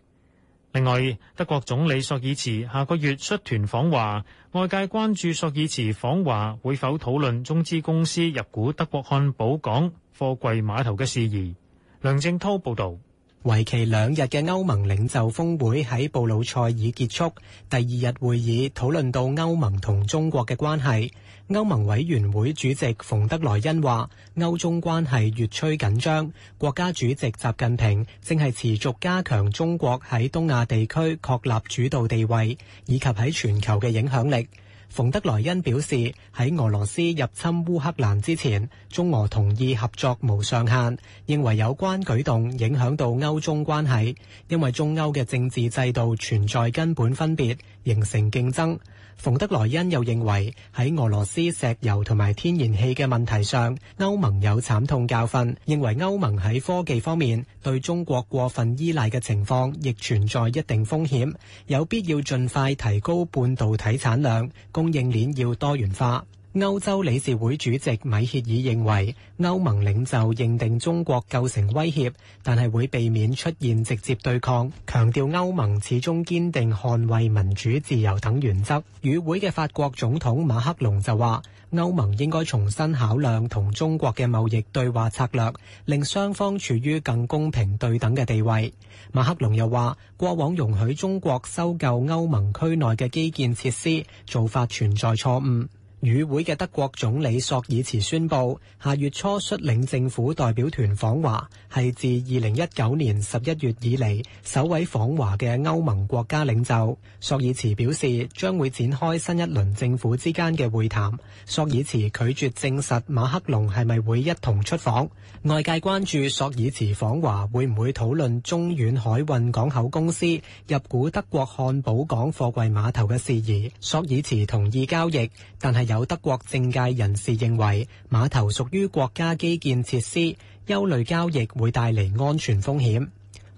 另外，德國總理朔爾茨下個月出團訪華，外界關注朔爾茨訪華會否討論中資公司入股德國漢堡港貨櫃碼頭嘅事宜。梁正濤報道。為期兩日嘅歐盟領袖峰會喺布魯塞爾結束，第二日會議討論到歐盟同中國嘅關係。歐盟委員會主席馮德萊恩話：歐中關係越趨緊張，國家主席習近平正係持續加強中國喺東亞地區確立主導地位，以及喺全球嘅影響力。馮德萊恩表示，喺俄羅斯入侵烏克蘭之前，中俄同意合作無上限，認為有關舉動影響到歐中關係，因為中歐嘅政治制度存在根本分別，形成競爭。馮德萊恩又認為喺俄羅斯石油同埋天然氣嘅問題上，歐盟有慘痛教訓。認為歐盟喺科技方面對中國過分依賴嘅情況，亦存在一定風險。有必要盡快提高半導體產量，供應鏈要多元化。歐洲理事會主席米歇爾認為，歐盟領袖認定中國構成威脅，但係會避免出現直接對抗，強調歐盟始終堅定捍衛民主、自由等原則。與會嘅法國總統馬克龍就話，歐盟應該重新考量同中國嘅貿易對話策略，令雙方處於更公平對等嘅地位。馬克龍又話，過往容許中國收購歐盟區內嘅基建設施做法存在錯誤。與會嘅德國總理朔爾茨宣佈，下月初率領政府代表團訪華，係自2019年11月以嚟，首位訪華嘅歐盟國家領袖。朔爾茨表示，將會展開新一輪政府之間嘅會談。朔爾茨拒絕證實馬克龍係咪會一同出訪。外界關注朔爾茨訪華會唔會討論中遠海運港口公司入股德國漢堡港貨櫃碼頭嘅事宜。朔爾茨同意交易，但係。有德國政界人士認為，碼頭屬於國家基建設施，憂慮交易會帶嚟安全風險。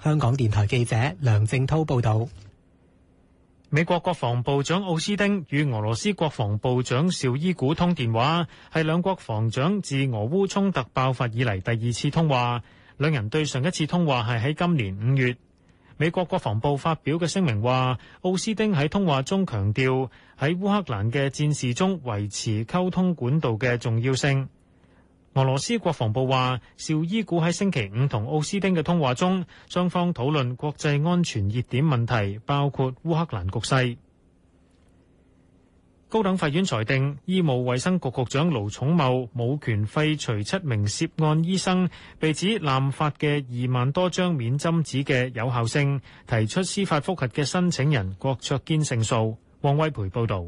香港電台記者梁正濤報道，美國國防部長奧斯汀與俄羅斯國防部長紹伊古通電話，係兩國防長自俄烏衝突爆發以來第二次通話。兩人對上一次通話係喺今年五月。美國國防部發表嘅聲明話，奧斯汀喺通話中強調喺烏克蘭嘅戰事中維持溝通管道嘅重要性。俄羅斯國防部話，紹伊古喺星期五同奧斯汀嘅通話中，雙方討論國際安全熱點問題，包括烏克蘭局勢。高等法院裁定，醫務衛生局局長盧寵茂冇權廢除七名涉案醫生被指濫發嘅二萬多張免針紙嘅有效性，提出司法複核嘅申請人郭卓堅勝訴。王威培報道。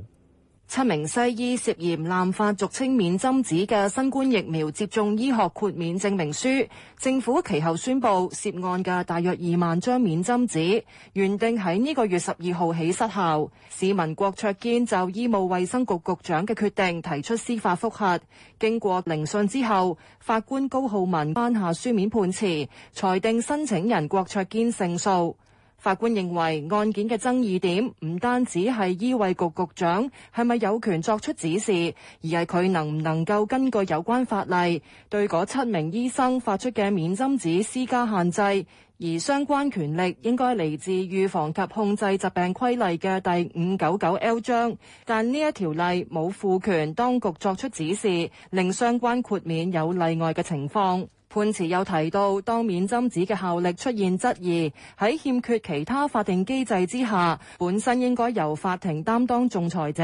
七名西醫涉嫌濫發俗稱免針紙嘅新冠疫苗接種醫學豁免證明書，政府其後宣佈涉案嘅大約二萬張免針紙原定喺呢個月十二號起失效。市民郭卓堅就醫務衛生局局長嘅決定提出司法覆核，經過聆訊之後，法官高浩文頒下書面判詞，裁定申請人郭卓堅勝訴。法官認為，案件嘅爭議點唔單止係醫衞局局長係咪有權作出指示，而係佢能唔能夠根據有關法例對嗰七名醫生發出嘅免針紙施加限制，而相關權力應該嚟自《預防及控制疾病規例》嘅第五九九 L 章，但呢一條例冇賦權當局作出指示令相關豁免有例外嘅情況。判詞又提到，當免針紙嘅效力出現質疑，喺欠缺其他法定機制之下，本身應該由法庭擔當仲裁者。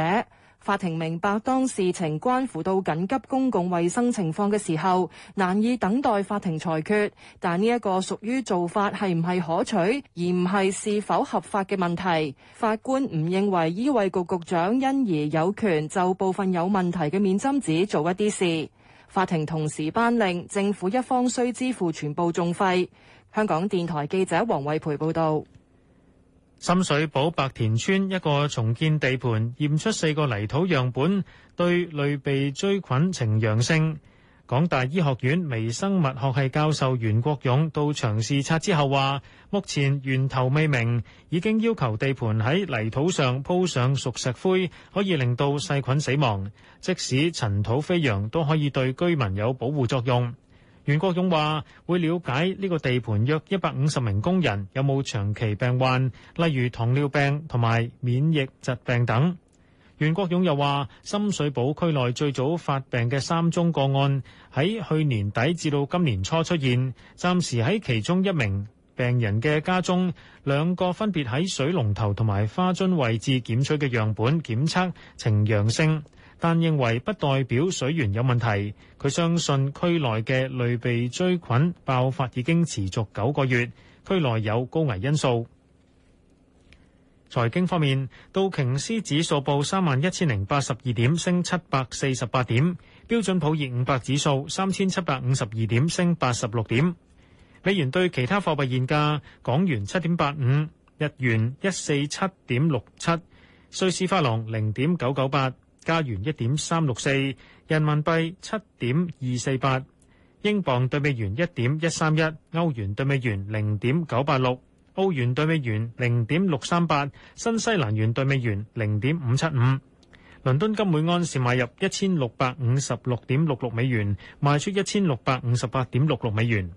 法庭明白當事情關乎到緊急公共衛生情況嘅時候，難以等待法庭裁決。但呢一個屬於做法係唔係可取，而唔係是，是否合法嘅問題。法官唔認為醫衞局局長因而有權就部分有問題嘅免針紙做一啲事。法庭同時頒令，政府一方需支付全部訟費。香港電台記者黃惠培報道，深水埗白田村一個重建地盤驗出四個泥土樣本對類鼻疽菌呈陽性。港大醫學院微生物學系教授袁國勇到場視察之後話：目前源頭未明，已經要求地盤喺泥土上鋪上熟石灰，可以令到細菌死亡。即使塵土飛揚，都可以對居民有保護作用。袁國勇話：會了解呢個地盤約一百五十名工人有冇長期病患，例如糖尿病同埋免疫疾病等。袁國勇又話：深水埗區內最早發病嘅三宗個案，喺去年底至到今年初出現。暫時喺其中一名病人嘅家中，兩個分別喺水龍頭同埋花樽位置檢取嘅樣本檢測呈陽性，但認為不代表水源有問題。佢相信區內嘅類鼻疽菌爆發已經持續九個月，區內有高危因素。財經方面，道瓊斯指數報三萬一千零八十二點，升七百四十八點；標準普爾五百指數三千七百五十二點，升八十六點。美元對其他貨幣現價：港元七點八五，日元一四七點六七，瑞士法郎零點九九八，加元一點三六四，人民幣七點二四八，英鎊對美元一點一三一，歐元對美元零點九八六。歐元兌美元零點六三八，新西蘭元兌美元零點五七五。倫敦金每安士買入一千六百五十六點六六美元，賣出一千六百五十八點六六美元。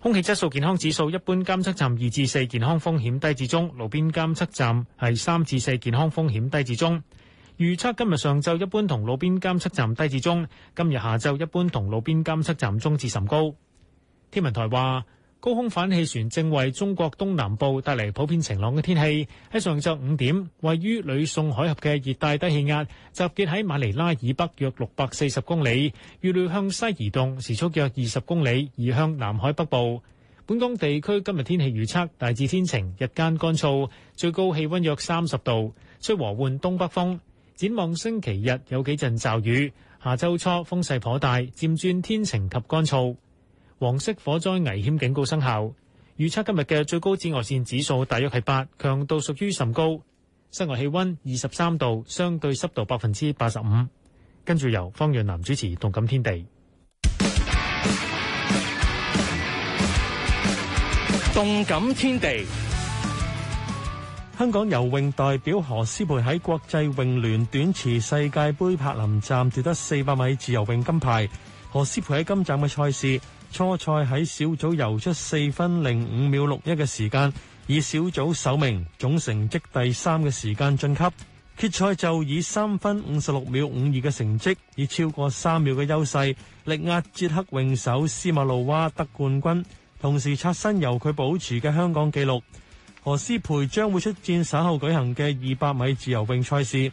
空氣質素健康指數，一般監測站二至四健康風險低至中，路邊監測站係三至四健康風險低至中。預測今日上晝一般同路邊監測站低至中，今日下晝一般同路邊監測站中至甚高。天文台話。高空反氣旋正為中國東南部帶嚟普遍晴朗嘅天氣。喺上晝五點，位於呂宋海峽嘅熱帶低氣壓集結喺馬尼拉以北約六百四十公里，預料向西移動，時速約二十公里，移向南海北部。本港地區今日天氣預測大致天晴，日間乾燥，最高氣温約三十度，吹和緩東北風。展望星期日有幾陣驟雨，下周初風勢頗大，漸轉天晴及乾燥。黃色火災危險警告生效。預測今日嘅最高紫外線指數大約係八，強度屬於甚高。室外氣溫二十三度，相對濕度百分之八十五。嗯、跟住由方潤南主持《動感天地》。《動感天地》香港游泳代表何詩蓓喺國際泳聯短池世界杯柏林站奪得四百米自由泳金牌。何詩蓓喺今站嘅賽事。初賽喺小組游出四分零五秒六一嘅時間，以小組首名、總成績第三嘅時間晉級。決賽就以三分五十六秒五二嘅成績，以超過三秒嘅優勢力壓捷克泳手斯馬路娃得冠軍，同時刷新由佢保持嘅香港紀錄。何詩蓓將會出戰稍後舉行嘅二百米自由泳賽事。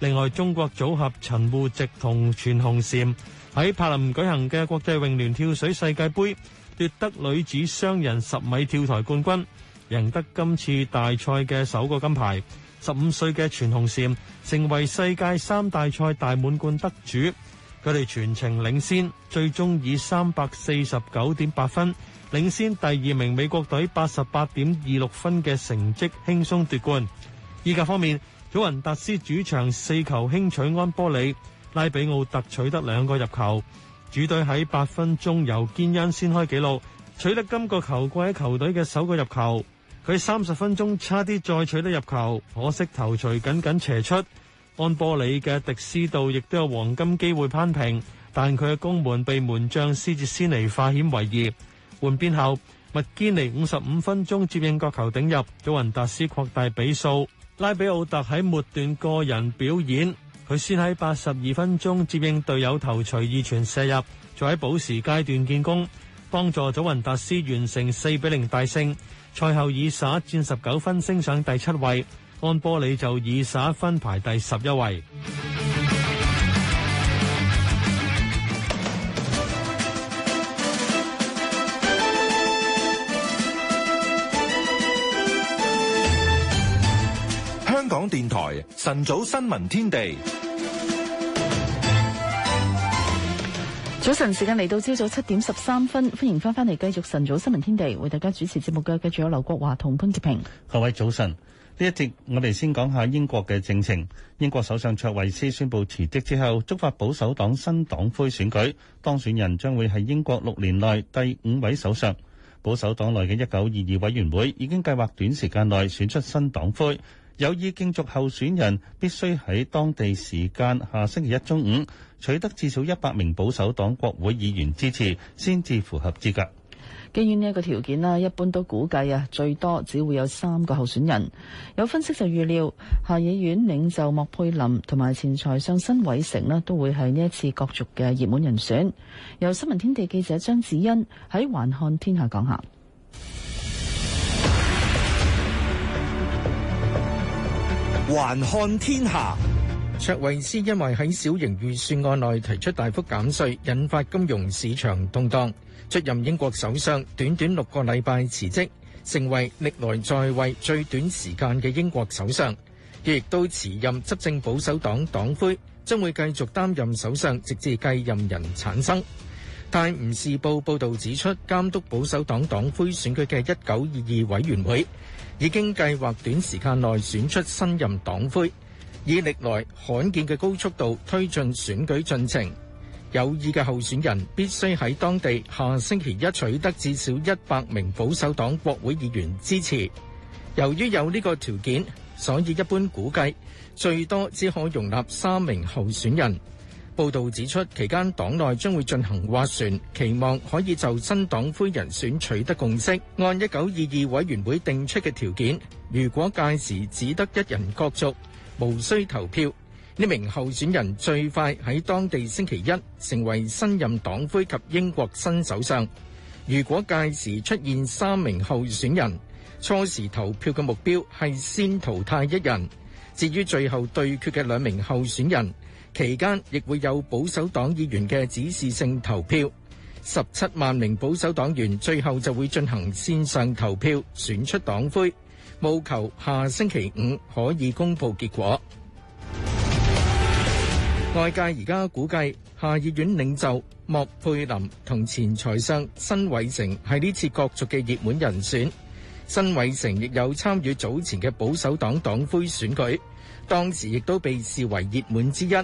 另外，中國組合陳芋汐同全紅嬋。喺柏林舉行嘅國際泳聯跳水世界杯，奪得女子雙人十米跳台冠軍，贏得今次大賽嘅首個金牌。十五歲嘅全紅嬋成為世界三大賽大滿貫得主，佢哋全程領先，最終以三百四十九點八分領先第二名美國隊八十八點二六分嘅成績輕鬆奪冠。意甲方面，祖雲達斯主場四球輕取安波里。拉比奧特取得兩個入球，主隊喺八分鐘由堅恩先開紀錄，取得今個球季喺球隊嘅首個入球。佢三十分鐘差啲再取得入球，可惜頭錘僅僅斜出。安波里嘅迪斯道亦都有黃金機會攀平，但佢嘅攻門被門將斯捷斯尼化險為夷。換邊後，麥堅尼五十五分鐘接應角球頂入，祖雲達斯擴大比數。拉比奧特喺末段個人表演。佢先喺八十二分鐘接應隊友頭隨意傳射入，再喺保時階段建功，幫助祖雲達斯完成四比零大勝。賽後以十一戰十九分升上第七位，安波里就以十一分排第十一位。港電台晨早新聞天地。早晨時間嚟到，朝早七點十三分。歡迎返返嚟，繼續晨早新聞天地，為大家主持節目嘅，繼續有劉國華同潘潔平。各位早晨，呢一節我哋先講下英國嘅政情。英國首相卓慧思宣布辭職之後，觸發保守黨新黨魁選舉，當選人將會係英國六年內第五位首相。保守黨內嘅一九二二委員會已經計劃短時間內選出新黨魁。有意競逐候選人必須喺當地時間下星期一中午取得至少一百名保守黨國會議員支持，先至符合資格。基於呢一個條件呢，一般都估計啊，最多只會有三個候選人。有分析就預料，下議院領袖莫佩林同埋前財相新偉成咧，都會係呢一次角逐嘅熱門人選。由新聞天地記者張子欣喺環看天下講下。環看天下，卓威斯因為喺小型預算案內提出大幅減稅，引發金融市場動蕩。出任英國首相短短六個禮拜辭職，成為歷來在位最短時間嘅英國首相。亦都辭任執政保守黨、黨黨魁，將會繼續擔任首相直至繼任人產生。但《吳氏報》報道指出，監督保守黨黨、黨魁選舉嘅一九二二委員會。已經計劃短時間內選出新任黨魁，以歷來罕見嘅高速度推進選舉進程。有意嘅候選人必須喺當地下星期一取得至少一百名保守黨國會議員支持。由於有呢個條件，所以一般估計最多只可容納三名候選人。報道指出，期間黨內將會進行劃船，期望可以就新黨魁人選取得共識。按1922委員會定出嘅條件，如果屆時只得一人角逐，無需投票，呢名候選人最快喺當地星期一，成為新任黨魁及英國新首相。如果屆時出現三名候選人，初時投票嘅目標係先淘汰一人，至於最後對決嘅兩名候選人，期間亦會有保守黨議員嘅指示性投票，十七萬名保守黨員最後就會進行線上投票，選出黨魁，務求下星期五可以公布結果。外界而家估計，下議院領袖莫佩林同前財相辛偉誠係呢次角逐嘅熱門人選。辛偉誠亦有參與早前嘅保守黨黨魁選舉，當時亦都被視為熱門之一。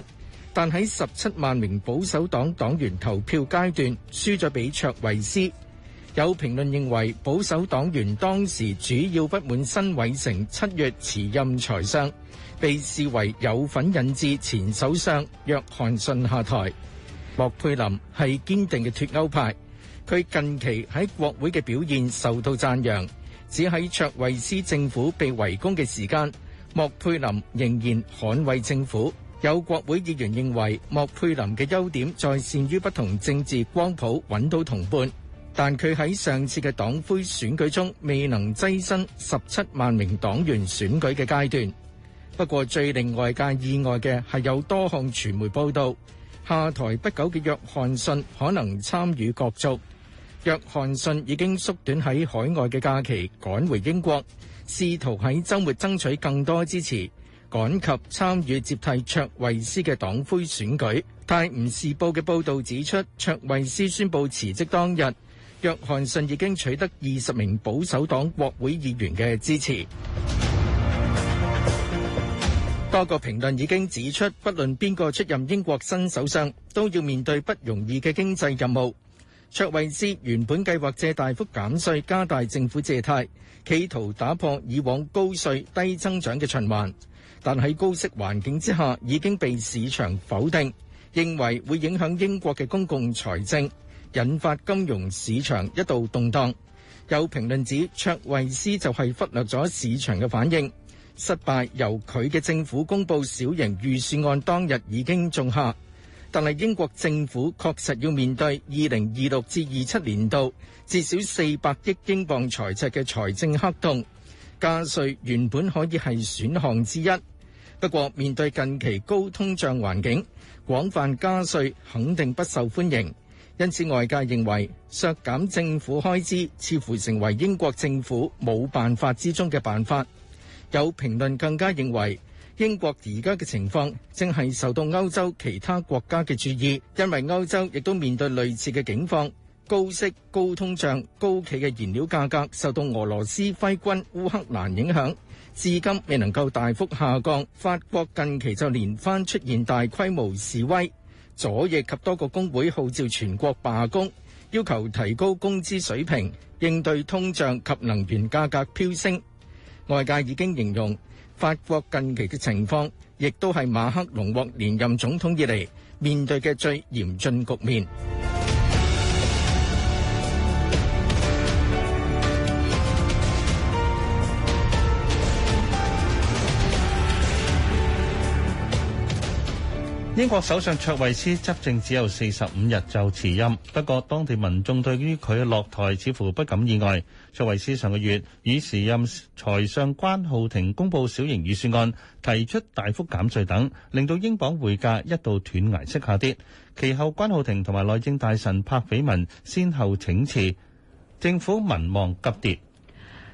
但喺十七萬名保守黨黨員投票階段，輸咗俾卓維斯。有評論認為保守黨員當時主要不滿辛偉誠七月辭任財相，被視為有份引致前首相約翰遜下台。莫佩林係堅定嘅脫歐派，佢近期喺國會嘅表現受到讚揚。只喺卓維斯政府被圍攻嘅時間，莫佩林仍然捍衞政府。有國會議員認為莫佩林嘅優點在善於不同政治光譜揾到同伴，但佢喺上次嘅黨魁選舉中未能躋身十七萬名黨員選舉嘅階段。不過最令外界意外嘅係有多項傳媒報道，下台不久嘅約翰遜可能參與角逐。約翰遜已經縮短喺海外嘅假期，趕回英國，試圖喺週末爭取更多支持。趕及參與接替卓慧斯嘅黨魁選舉，《泰晤士報》嘅報導指出，卓慧斯宣布辭職當日，約翰遜已經取得二十名保守黨國會議員嘅支持。多個評論已經指出，不論邊個出任英國新首相，都要面對不容易嘅經濟任務。卓慧斯原本計劃借大幅減稅、加大政府借貸，企圖打破以往高稅低增長嘅循環。但喺高息環境之下，已經被市場否定，認為會影響英國嘅公共財政，引發金融市場一度動盪。有評論指，卓慧斯就係忽略咗市場嘅反應，失敗由佢嘅政府公布小型預算案當日已經種下。但係英國政府確實要面對二零二六至二七年度至少四百億英鎊財赤嘅財政黑洞。加稅原本可以係選項之一，不過面對近期高通脹環境，廣泛加稅肯定不受歡迎。因此外界認為削減政府開支，似乎成為英國政府冇辦法之中嘅辦法。有評論更加認為，英國而家嘅情況正係受到歐洲其他國家嘅注意，因為歐洲亦都面對類似嘅境況。高息、高通脹、高企嘅燃料價格受到俄羅斯揮軍烏克蘭影響，至今未能夠大幅下降。法國近期就連番出現大規模示威，左翼及多個工會號召全國罷工，要求提高工資水平，應對通脹及能源價格飆升。外界已經形容法國近期嘅情況，亦都係馬克龍獲連任總統以來面對嘅最嚴峻局面。英國首相卓慧思執政只有四十五日就辭任，不過當地民眾對於佢落台似乎不感意外。卓慧思上個月與時任財相關浩庭公布小型預算案，提出大幅減稅等，令到英鎊匯價一度斷崖式下跌。其後關浩庭同埋內政大臣柏斐文先後請辭，政府民望急跌。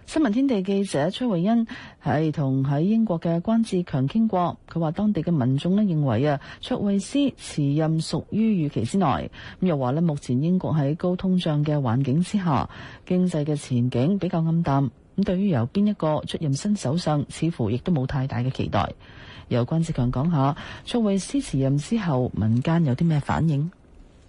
新聞天地記者崔慧欣係同喺英國嘅關志強傾過，佢話當地嘅民眾呢認為啊，卓慧斯辭任屬於預期之內。咁又話呢，目前英國喺高通脹嘅環境之下，經濟嘅前景比較暗淡。咁對於由邊一個出任新首相，似乎亦都冇太大嘅期待。由關志強講下卓慧斯辭任之後，民間有啲咩反應？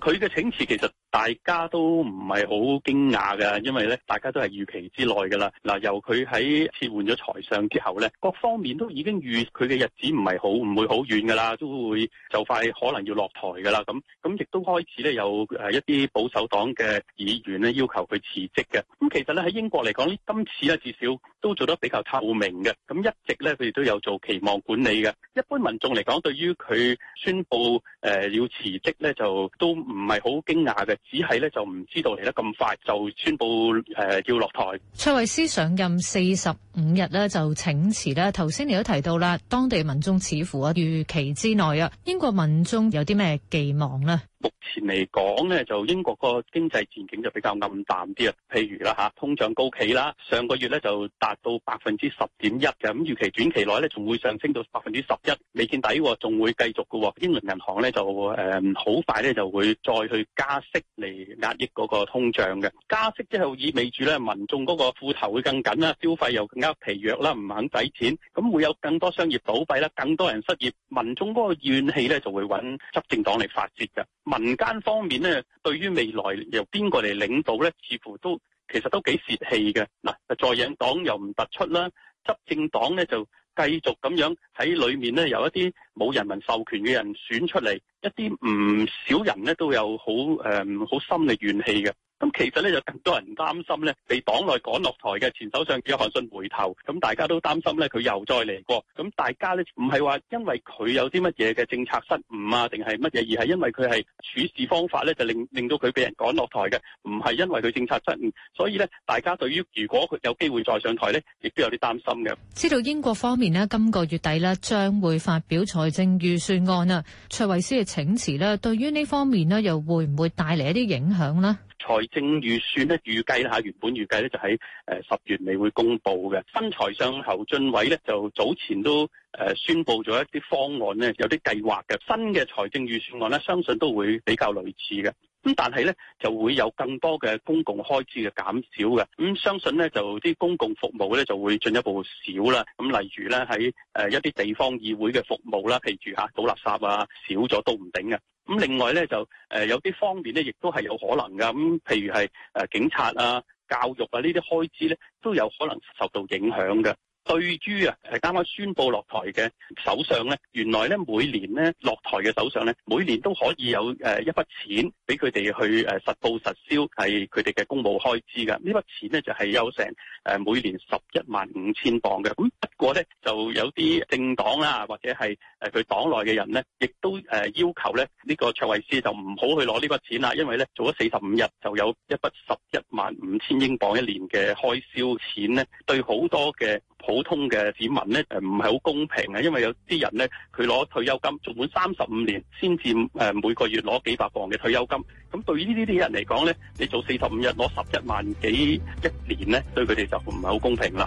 佢嘅請辭其實。大家都唔係好驚訝嘅，因為咧大家都係預期之內嘅啦。嗱，由佢喺撤換咗財相之後咧，各方面都已經預佢嘅日子唔係好，唔會好遠嘅啦，都會就快可能要落台嘅啦。咁咁亦都開始咧有誒一啲保守黨嘅議員咧要求佢辭職嘅。咁其實咧喺英國嚟講，今次咧至少都做得比較透明嘅。咁一直咧佢哋都有做期望管理嘅。一般民眾嚟講，對於佢宣佈誒、呃、要辭職咧，就都唔係好驚訝嘅。只係咧就唔知道嚟得咁快就宣布誒要落台。卓慧思上任四十。五日咧就請辭啦。頭先你都提到啦，當地民眾似乎啊預期之內啊，英國民眾有啲咩寄望呢？目前嚟講呢，就英國個經濟前景就比較暗淡啲啊。譬如啦嚇，通脹高企啦，上個月呢就達到百分之十點一嘅，咁預期短期內呢，仲會上升到百分之十一，未見底，仲會繼續嘅。英倫銀行呢，就誒好快呢就會再去加息嚟壓抑嗰個通脹嘅。加息之後意味住咧民眾嗰個褲頭會更緊啦，消費又更，疲弱啦，唔肯使錢，咁會有更多商業倒閉啦，更多人失業，民眾嗰個怨氣咧就會揾執政黨嚟發泄嘅。民間方面咧，對於未來由邊個嚟領導咧，似乎都其實都幾泄氣嘅。嗱，在野黨又唔突出啦，執政黨咧就繼續咁樣喺裏面咧，由一啲冇人民授權嘅人選出嚟，一啲唔少人咧都有好誒，好深嘅怨氣嘅。咁其實咧，就更多人擔心呢，被黨內趕落台嘅前首相約翰遜，回頭。咁大家都擔心呢，佢又再嚟過。咁大家呢，唔係話因為佢有啲乜嘢嘅政策失誤啊，定係乜嘢，而係因為佢係處事方法呢，就令令到佢俾人趕落台嘅，唔係因為佢政策失誤。所以呢，大家對於如果佢有機會再上台呢，亦都有啲擔心嘅。知道英國方面呢，今個月底咧將會發表財政預算案啊，卓慧思嘅請辭呢，對於呢方面呢，又會唔會帶嚟一啲影響呢？財政預算咧預計啦嚇，原本預計咧就喺誒十月尾會公布嘅。新財相侯俊偉咧就早前都誒宣布咗一啲方案咧，有啲計劃嘅。新嘅財政預算案咧，相信都會比較類似嘅。咁但係咧就會有更多嘅公共開支嘅減少嘅。咁、嗯、相信咧就啲公共服務咧就會進一步少啦。咁例如咧喺誒一啲地方議會嘅服務啦，譬如嚇倒垃圾啊，少咗都唔定嘅。咁、嗯、另外呢，就、呃、有啲方面呢亦都係有可能㗎。咁、嗯、譬如係警察啊、教育啊呢啲開支呢，都有可能受到影響嘅。對於啊，誒啱啱宣佈落台嘅首相呢，原來呢，每年咧落台嘅首相呢，每年都可以有誒一筆錢俾佢哋去誒實報實銷係佢哋嘅公務開支㗎。呢筆錢呢，就係有成誒每年十一萬五千鎊嘅。咁、哎、不過呢，就有啲政黨啦，啊，或者係誒佢黨內嘅人呢，亦都誒要求咧呢個卓慧思就唔好去攞呢筆錢啦，因為呢，做咗四十五日就有一筆十一萬五千英鎊一年嘅開銷錢呢，對好多嘅普通嘅市民咧，誒唔係好公平啊，因為有啲人咧，佢攞退休金做滿三十五年，先至誒每個月攞幾百磅嘅退休金。咁對於呢啲人嚟講咧，你做四十五日攞十一萬幾一年咧，對佢哋就唔係好公平啦。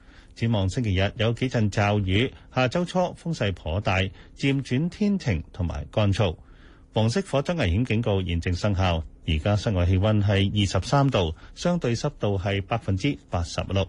展望星期日有幾陣驟雨，下周初風勢頗大，漸轉天晴同埋乾燥。黃色火災危險警告現正生效，而家室外氣溫係二十三度，相對濕度係百分之八十六。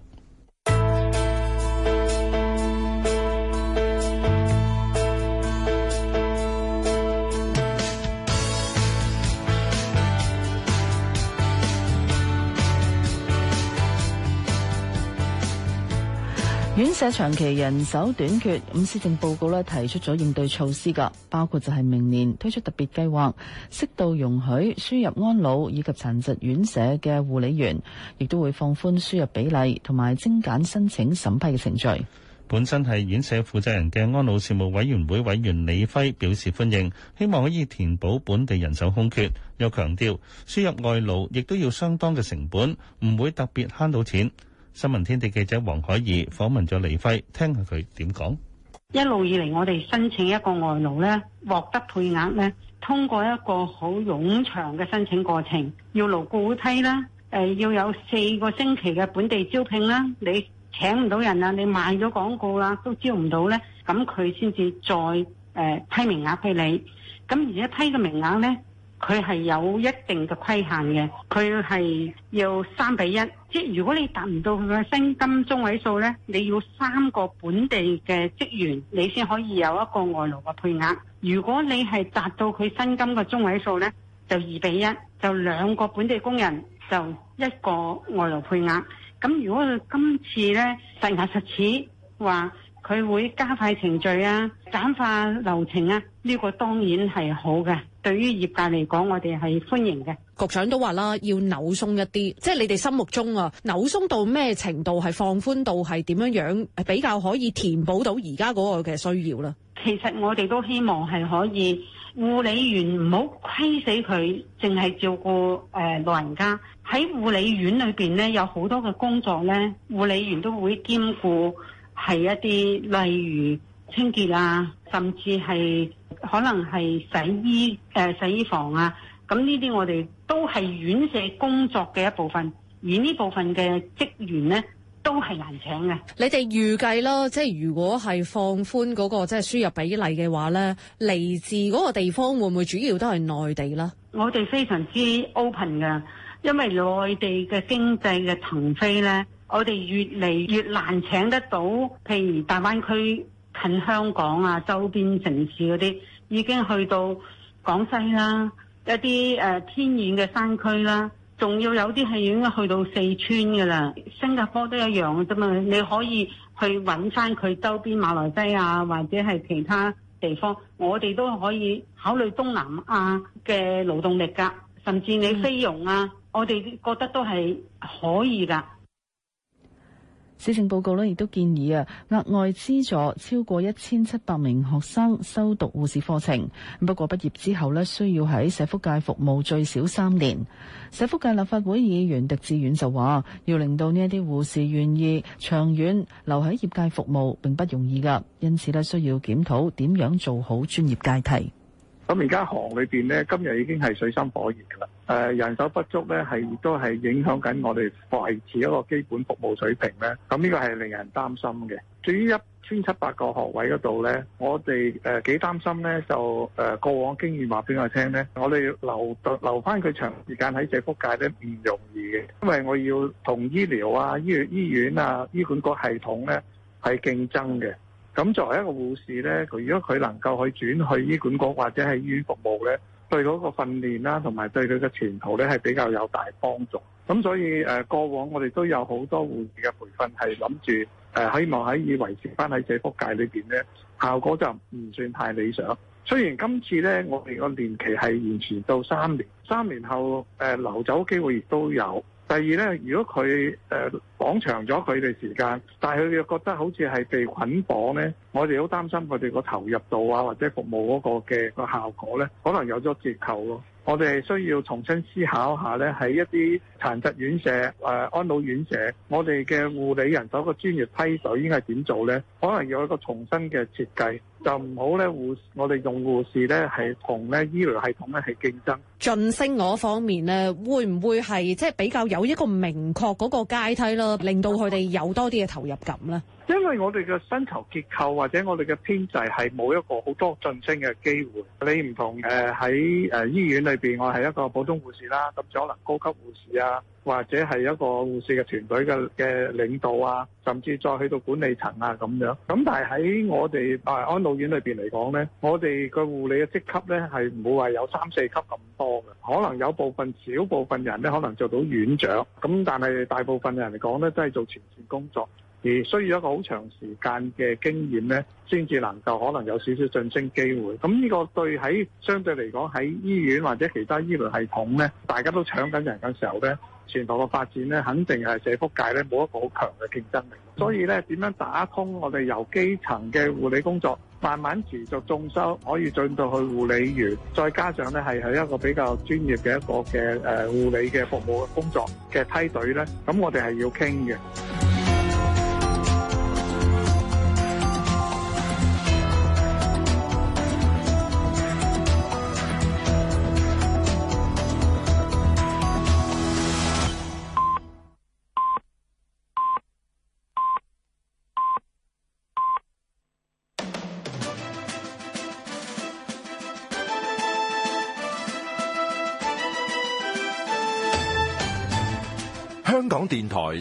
院舍長期人手短缺，咁施政報告咧提出咗應對措施噶，包括就係明年推出特別計劃，適度容許輸入安老以及殘疾院舍嘅護理員，亦都會放寬輸入比例，同埋精簡申請審批嘅程序。本身係院舍負責人嘅安老事務委員會委員李輝表示歡迎，希望可以填補本地人手空缺，又強調輸入外勞亦都要相當嘅成本，唔會特別慳到錢。新聞天地記者黃凱儀訪問咗李輝，聽下佢點講。一路以嚟，我哋申請一個外勞咧，獲得配額咧，通過一個好冗長嘅申請過程，要勞顧會批啦，誒，要有四個星期嘅本地招聘啦，你請唔到人啊，你賣咗廣告啦，都招唔到咧，咁佢先至再誒批名額俾你。咁而一批嘅名額咧。佢係有一定嘅規限嘅，佢係要三比一，即係如果你達唔到佢嘅薪金中位數呢，你要三個本地嘅職員，你先可以有一個外勞嘅配額。如果你係達到佢薪金嘅中位數呢，就二比一，就兩個本地工人就一個外勞配額。咁如果佢今次呢，實牙實齒話，佢會加快程序啊，簡化流程啊，呢個當然係好嘅。對於業界嚟講，我哋係歡迎嘅。局長都話啦，要扭鬆一啲，即係你哋心目中啊，扭鬆到咩程度係放寬到係點樣樣比較可以填補到而家嗰個嘅需要啦？其實我哋都希望係可以護理員唔好虧死佢，淨係照顧誒老人家喺護理院裏邊咧，有好多嘅工作咧，護理員都會兼顧。係一啲例如清潔啊，甚至係可能係洗衣誒、呃、洗衣房啊，咁呢啲我哋都係院舍工作嘅一部分，而呢部分嘅職員呢，都係難請嘅。你哋預計咯，即係如果係放寬嗰、嗰個即係輸入比例嘅話呢，嚟自嗰個地方會唔會主要都係內地啦？我哋非常之 open 嘅，因為內地嘅經濟嘅騰飛呢。我哋越嚟越難請得到，譬如大灣區近香港啊，周邊城市嗰啲已經去到廣西啦，一啲誒偏遠嘅山區啦，仲要有啲係已經去到四川㗎啦。新加坡都一樣嘅啫嘛，你可以去揾翻佢周邊馬來西亞或者係其他地方，我哋都可以考慮東南亞嘅勞動力噶，甚至你菲傭啊，嗯、我哋覺得都係可以噶。施政報告咧，亦都建議啊，額外資助超過一千七百名學生修讀護士課程。不過畢業之後咧，需要喺社福界服務最少三年。社福界立法會議員狄志遠就話，要令到呢一啲護士願意長遠留喺業界服務，並不容易噶。因此咧，需要檢討點樣做好專業階梯。咁而家行裏邊咧，今日已經係水深火熱㗎啦。誒、呃，人手不足咧，亦都係影響緊我哋維持一個基本服務水平咧。咁呢個係令人擔心嘅。至於一千七百個學位嗰度咧，我哋誒、呃、幾擔心咧，就誒、呃、過往經驗話俾我聽咧，我哋留留翻佢長時間喺社福界咧唔容易嘅，因為我要同醫療啊、醫醫院啊、醫管局系統，咧係競爭嘅。咁作為一個護士呢，佢如果佢能夠去轉去醫管局或者係醫院服務呢，對嗰個訓練啦、啊，同埋對佢嘅前途呢，係比較有大幫助。咁所以誒、呃，過往我哋都有好多護士嘅培訓係諗住誒，希望可以維持翻喺社福界裏邊呢，效果就唔算太理想。雖然今次呢，我哋個年期係延遲到三年，三年後誒、呃、流走機會亦都有。第二咧，如果佢誒、呃、綁長咗佢哋時間，但係佢哋覺得好似係被捆綁咧，我哋好擔心佢哋個投入度啊，或者服務嗰個嘅個效果咧，可能有咗折扣咯。我哋需要重新思考下呢，喺一啲殘疾院舍、誒、呃、安老院舍，我哋嘅護理人手嘅專業批改應該係點做呢？可能要一個重新嘅設計，就唔好呢。護，我哋用護士呢，係同呢醫療系統咧係競爭。晉升嗰方面呢，會唔會係即係比較有一個明確嗰個階梯咯，令到佢哋有多啲嘅投入感呢？因為我哋嘅薪酬結構或者我哋嘅編制係冇一個好多晉升嘅機會。你唔同誒喺誒醫院裏邊，我係一個普通護士啦，咁可能高級護士啊，或者係一個護士嘅團隊嘅嘅領導啊，甚至再去到管理層啊咁樣。咁但係喺我哋誒安老院裏邊嚟講呢，我哋嘅護理嘅職級呢，係唔會話有三四級咁多嘅。可能有部分少部分人呢，可能做到院長。咁但係大部分人嚟講呢，都係做前線工作。而需要一個好長時間嘅經驗咧，先至能夠可能有少少晉升機會。咁呢個對喺相對嚟講，喺醫院或者其他醫療系統咧，大家都搶緊人嘅時候咧，前途嘅發展咧，肯定係社福界咧冇一個好強嘅競爭力。所以咧，點樣打通我哋由基層嘅護理工作慢慢持續進修可以進到去護理員，再加上咧係係一個比較專業嘅一個嘅誒護理嘅服務嘅工作嘅梯隊咧，咁我哋係要傾嘅。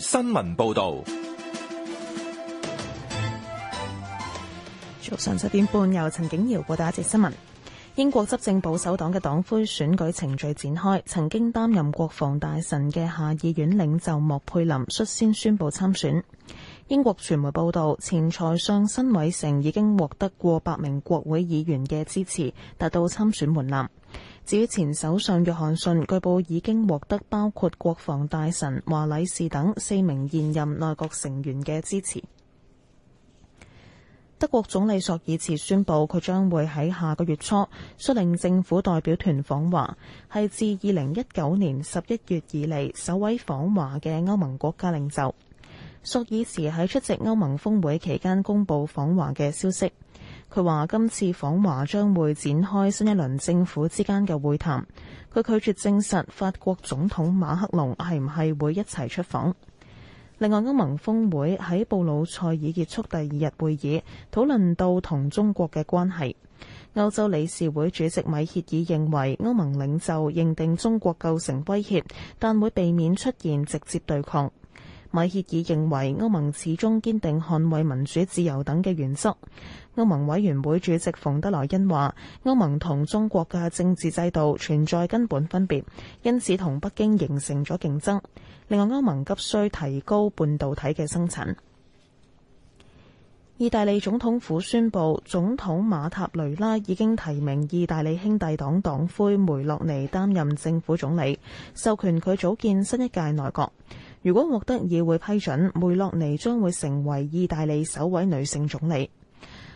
新聞報道，早上七點半由陳景瑤播第一節新聞。英國執政保守黨嘅黨魁選舉程序展開，曾經擔任國防大臣嘅下議院領袖莫佩林率先宣布參選。英國傳媒報道，前財相辛偉誠已經獲得過百名國會議員嘅支持，達到參選門檻。至於前首相約翰遜，據報已經獲得包括國防大臣華禮士等四名現任內閣成員嘅支持。德國總理朔爾茨宣布，佢將會喺下個月初率領政府代表團訪華，係自二零一九年十一月以嚟首位訪華嘅歐盟國家領袖。朔爾茨喺出席歐盟峰會期間公佈訪華嘅消息。佢話今次訪華將會展開新一輪政府之間嘅會談。佢拒絕證實法國總統馬克龍係唔係會一齊出訪。另外，歐盟峰會喺布魯塞爾結束第二日會議，討論到同中國嘅關係。歐洲理事會主席米歇爾認為，歐盟領袖認定中國構成威脅，但會避免出現直接對抗。米歇爾認為歐盟始終堅定捍衛民主、自由等嘅原則。歐盟委員會主席馮德萊恩話：歐盟同中國嘅政治制度存在根本分別，因此同北京形成咗競爭。另外，歐盟急需提高半導體嘅生產。意大利總統府宣布，總統馬塔雷拉已經提名意大利兄弟黨黨魁梅洛尼擔任政府總理，授權佢組建新一屆內閣。如果獲得議會批准，梅洛尼將會成為意大利首位女性總理。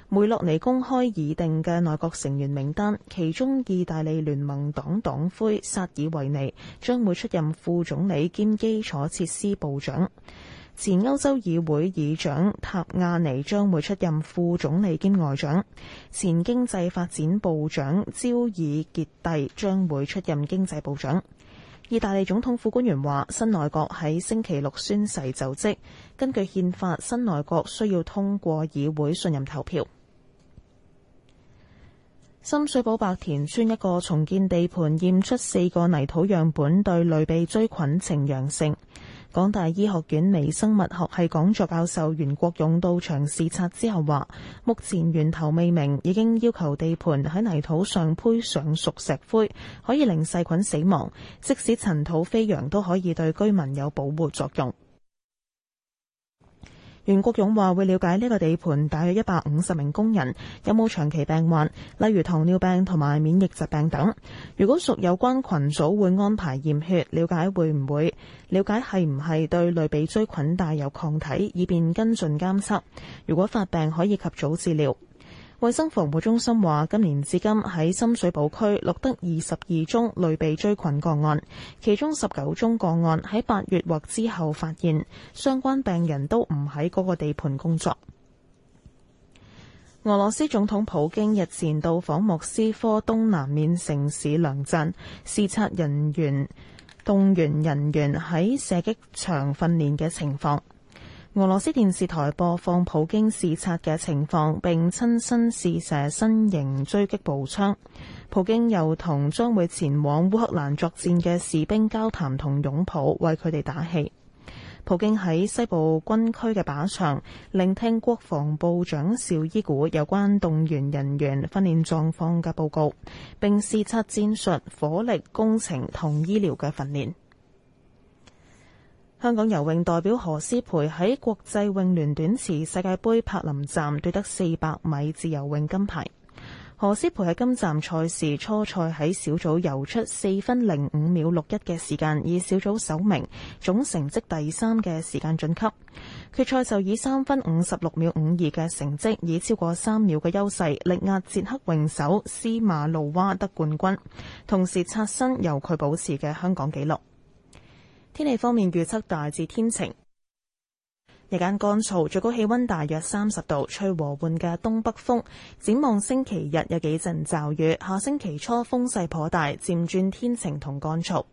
梅洛尼公開擬定嘅內閣成員名單，其中意大利聯盟黨黨魁薩爾維尼將會出任副總理兼基礎設施部長，前歐洲議會議長塔亞尼將會出任副總理兼外長，前經濟發展部長焦爾傑蒂將會出任經濟部長。意大利總統府官員話，新內閣喺星期六宣誓就職。根據憲法，新內閣需要通過議會信任投票。深水埗白田村一個重建地盤驗出四個泥土樣本對類鼻疽菌呈陽性。港大醫學院微生物學系講座教授袁國勇到場視察之後話，目前源頭未明，已經要求地盤喺泥土上鋪上熟石灰，可以令細菌死亡。即使塵土飛揚，都可以對居民有保護作用。袁國勇話會了解呢個地盤大約一百五十名工人有冇長期病患，例如糖尿病同埋免疫疾病等。如果屬有關群組，會安排驗血了解會唔會，了解係唔係對類鼻疽菌帶有抗體，以便跟進監測。如果發病，可以及早治療。衛生防護中心話，今年至今喺深水埗區錄得二十二宗類鼻疽個案，其中十九宗個案喺八月或之後發現，相關病人都唔喺嗰個地盤工作。俄羅斯總統普京日前到訪莫斯科東南面城市梁贊，視察人員動員人員喺射擊場訓練嘅情況。俄羅斯電視台播放普京視察嘅情況，並親身試射新型狙擊步槍。普京又同將會前往烏克蘭作戰嘅士兵交談同擁抱，為佢哋打氣。普京喺西部軍區嘅靶場聆聽國防部長邵伊古有關動員人員訓練狀況嘅報告，並視察戰術、火力、工程同醫療嘅訓練。香港游泳代表何詩蓓喺國際泳聯短池世界杯柏林站奪得四百米自由泳金牌。何詩蓓喺今站賽事初賽喺小組游出四分零五秒六一嘅時間，以小組首名、總成績第三嘅時間晉級決賽，就以三分五十六秒五二嘅成績，以超過三秒嘅優勢力壓捷克泳手司馬路娃得冠軍，同時刷新由佢保持嘅香港紀錄。天氣方面預測大致天晴，日間乾燥，最高氣溫大約三十度，吹和緩嘅東北風。展望星期日有幾陣驟雨，下星期初風勢頗大，漸轉天晴同乾燥。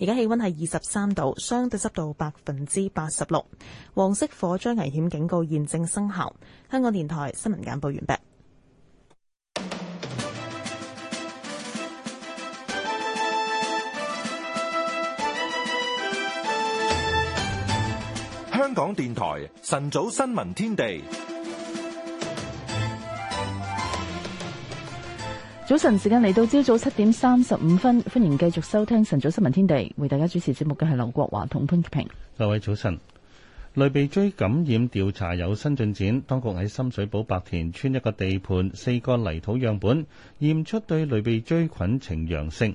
而家氣溫係二十三度，相對濕度百分之八十六。黃色火災危險警告現正生效。香港電台新聞簡報完畢。香港電台晨早新聞天地，早晨時間嚟到朝早七點三十五分，歡迎繼續收聽晨早新聞天地，為大家主持節目嘅係劉國華同潘潔平。各位早晨，類鼻疽感染調查有新進展，當局喺深水埗白田村一個地盤四個泥土樣本驗出對類鼻疽菌呈陽性。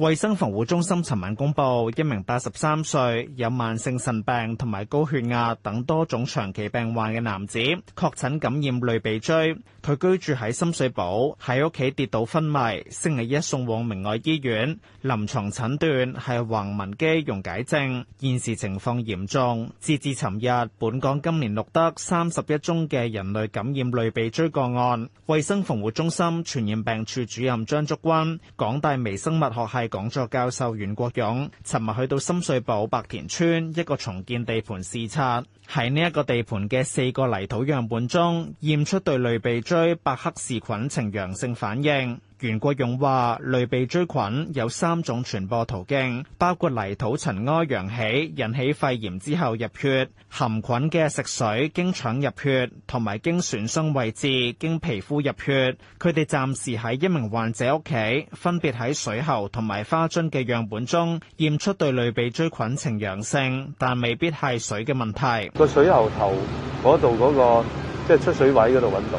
衛生防護中心尋晚公佈，一名八十三歲、有慢性腎病同埋高血壓等多種長期病患嘅男子，確診感染類鼻疽。佢居住喺深水埗，喺屋企跌倒昏迷，星期一送往明愛醫院，臨床診斷係橫紋肌溶解症，現時情況嚴重。截至尋日，本港今年錄得三十一宗嘅人類感染類鼻疽個案。衛生防護中心傳染病處主任張竹君，港大微生物學系。講座教授袁國勇尋日去到深水埗白田村一個重建地盤視察，喺呢一個地盤嘅四個泥土樣本中，驗出對類鼻疽伯克氏菌呈陽性反應。袁國勇話：類鼻疽菌有三種傳播途徑，包括泥土塵埃揚起引起肺炎之後入血，含菌嘅食水經腸入血，同埋經損傷位置經皮膚入血。佢哋暫時喺一名患者屋企，分別喺水喉同埋花樽嘅樣本中驗出對類鼻疽菌呈陽性，但未必係水嘅問題。個水喉頭嗰度嗰個即係、嗰個就係、出水位嗰度揾到，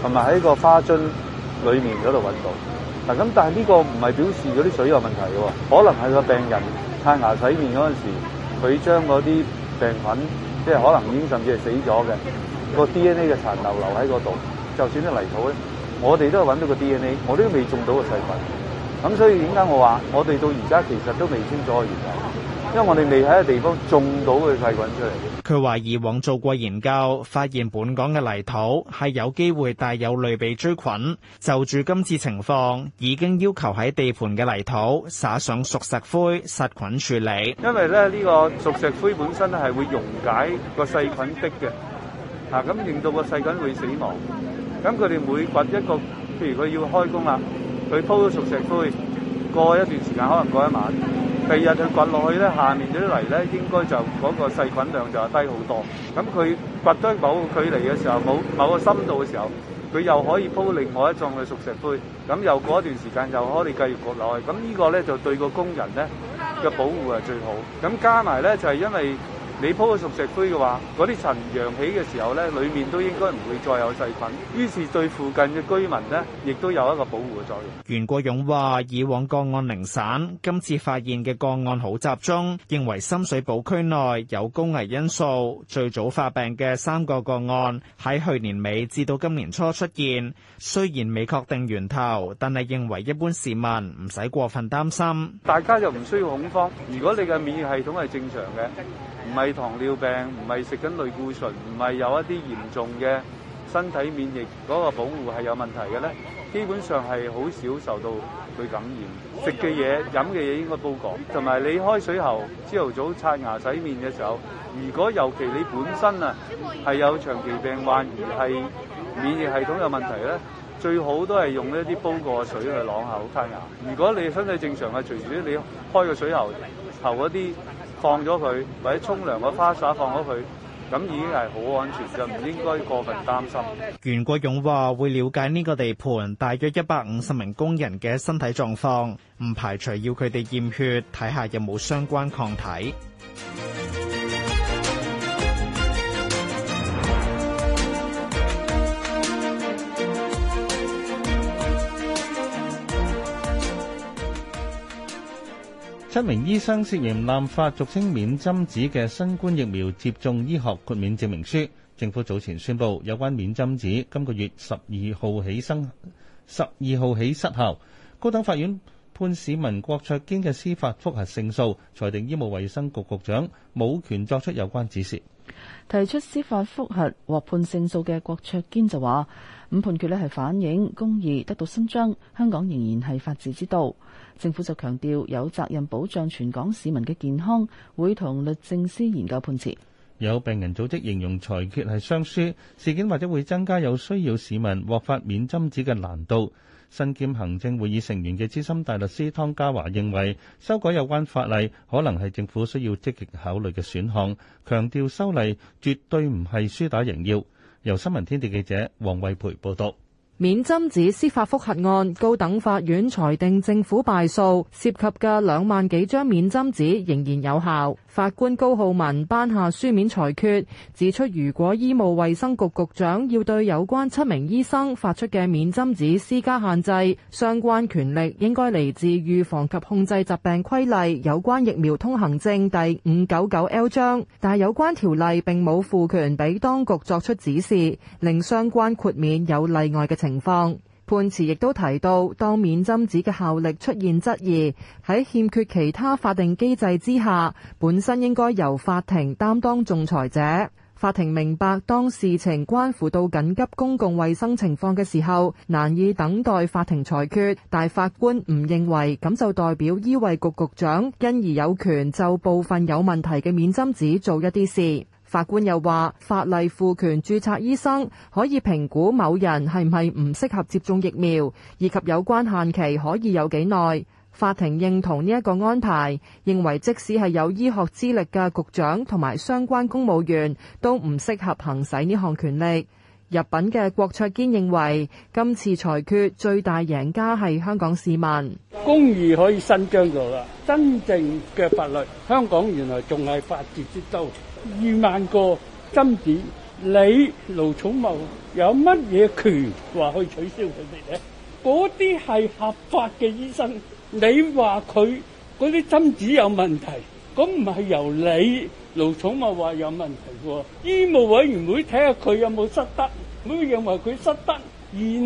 同埋喺個花樽裏面嗰度揾到嗱，咁但係呢個唔係表示嗰啲水有問題嘅喎，可能係個病人刷牙洗面嗰陣時，佢將嗰啲病菌，即係可能已經甚至係死咗嘅個 DNA 嘅殘留留喺嗰度。就算啲泥土咧，我哋都係揾到個 DNA，我都未種到個細菌。咁所以點解我話我哋到而家其實都未清楚個原因？因為我哋未喺個地方種到個細菌出嚟。佢話以往做過研究，發現本港嘅泥土係有機會帶有類鼻疽菌。就住今次情況，已經要求喺地盤嘅泥土撒上熟石灰殺菌處理。因為咧呢個熟石灰本身咧係會溶解個細菌的嘅，啊咁令到個細菌會死亡。咁佢哋每掘一個，譬如佢要開工啦，佢鋪咗熟石灰。過一段時間，可能過一晚，第二日佢掘落去咧，下面嗰啲泥咧，應該就嗰個細菌量就係低好多。咁佢掘得某距離嘅時候，某某個深度嘅時候，佢又可以鋪另外一種嘅熟石灰。咁又過一段時間，又可以繼續掘落去。咁呢個咧就對個工人咧嘅保護係最好。咁加埋咧就係因為。你鋪個熟石灰嘅話，嗰啲塵揚起嘅時候呢，裡面都應該唔會再有細菌，於是對附近嘅居民呢，亦都有一個保護嘅作用。袁國勇話：以往個案零散，今次發現嘅個案好集中，認為深水埗區內有高危因素。最早發病嘅三個個案喺去年尾至到今年初出現，雖然未確定源頭，但係認為一般市民唔使過分擔心。大家又唔需要恐慌。如果你嘅免疫系統係正常嘅，唔係。糖尿病唔係食緊類固醇，唔係有一啲嚴重嘅身體免疫嗰個保護係有問題嘅咧，基本上係好少受到佢感染。食嘅嘢、飲嘅嘢應該煲過，同埋你開水喉，朝頭早刷牙洗面嘅時候，如果尤其你本身啊係有長期病患，而係免疫系統有問題咧，最好都係用一啲煲過嘅水去朗口刷牙。如果你身體正常嘅，隨時你開個水喉喉嗰啲放咗佢，或者沖涼個花灑放咗佢，咁已經係好安全，就唔應該過分擔心。袁國勇話會了解呢個地盤大約一百五十名工人嘅身體狀況，唔排除要佢哋驗血睇下有冇相關抗體。七名醫生涉嫌濫發俗稱免針紙嘅新冠疫苗接種醫學豁免證明書。政府早前宣布有關免針紙今個月十二號起生，十二號起失效。高等法院判市民郭卓堅嘅司法覆核勝訴，裁定醫務衛生局局長冇權作出有關指示。提出司法覆核獲判勝訴嘅郭卓堅就話：咁判決咧係反映公義得到伸張，香港仍然係法治之都。政府就強調有責任保障全港市民嘅健康，會同律政司研究判詞。有病人組織形容裁決係雙輸，事件或者會增加有需要市民獲發免針紙嘅難度。身兼行政會議成員嘅資深大律師湯家驊認為，修改有關法例可能係政府需要積極考慮嘅選項，強調修例絕對唔係輸打贏要。由新聞天地記者黃慧培報道。免針紙司法復核案，高等法院裁定政府敗訴，涉及嘅兩萬幾張免針紙仍然有效。法官高浩文頒下書面裁決，指出如果醫務衛生局局長要對有關七名醫生發出嘅免針紙施加限制，相關權力應該嚟自預防及控制疾病規例有關疫苗通行證第五九九 L 章，但係有關條例並冇賦權俾當局作出指示，令相關豁免有例外嘅情況。判詞亦都提到，當免針紙嘅效力出現質疑，喺欠缺其他法定機制之下，本身應該由法庭擔當仲裁者。法庭明白，當事情關乎到緊急公共衛生情況嘅時候，難以等待法庭裁決。但法官唔認為咁就代表醫衞局局長因而有權就部分有問題嘅免針紙做一啲事。法官又話：法例賦權註冊醫生可以評估某人係唔係唔適合接種疫苗，以及有關限期可以有幾耐。法庭認同呢一個安排，認為即使係有醫學資歷嘅局長同埋相關公務員都唔適合行使呢項權力。入稟嘅郭卓堅認為今次裁決最大贏家係香港市民，公義可以伸張到啦。真正嘅法律，香港原來仲係法治之都。二萬個針紙，你盧寵茂有乜嘢權話去取消佢哋咧？嗰啲係合法嘅醫生，你話佢嗰啲針紙有問題，咁唔係由你盧寵茂話有問題喎？醫務委員會睇下佢有冇失德，如果認為佢失德，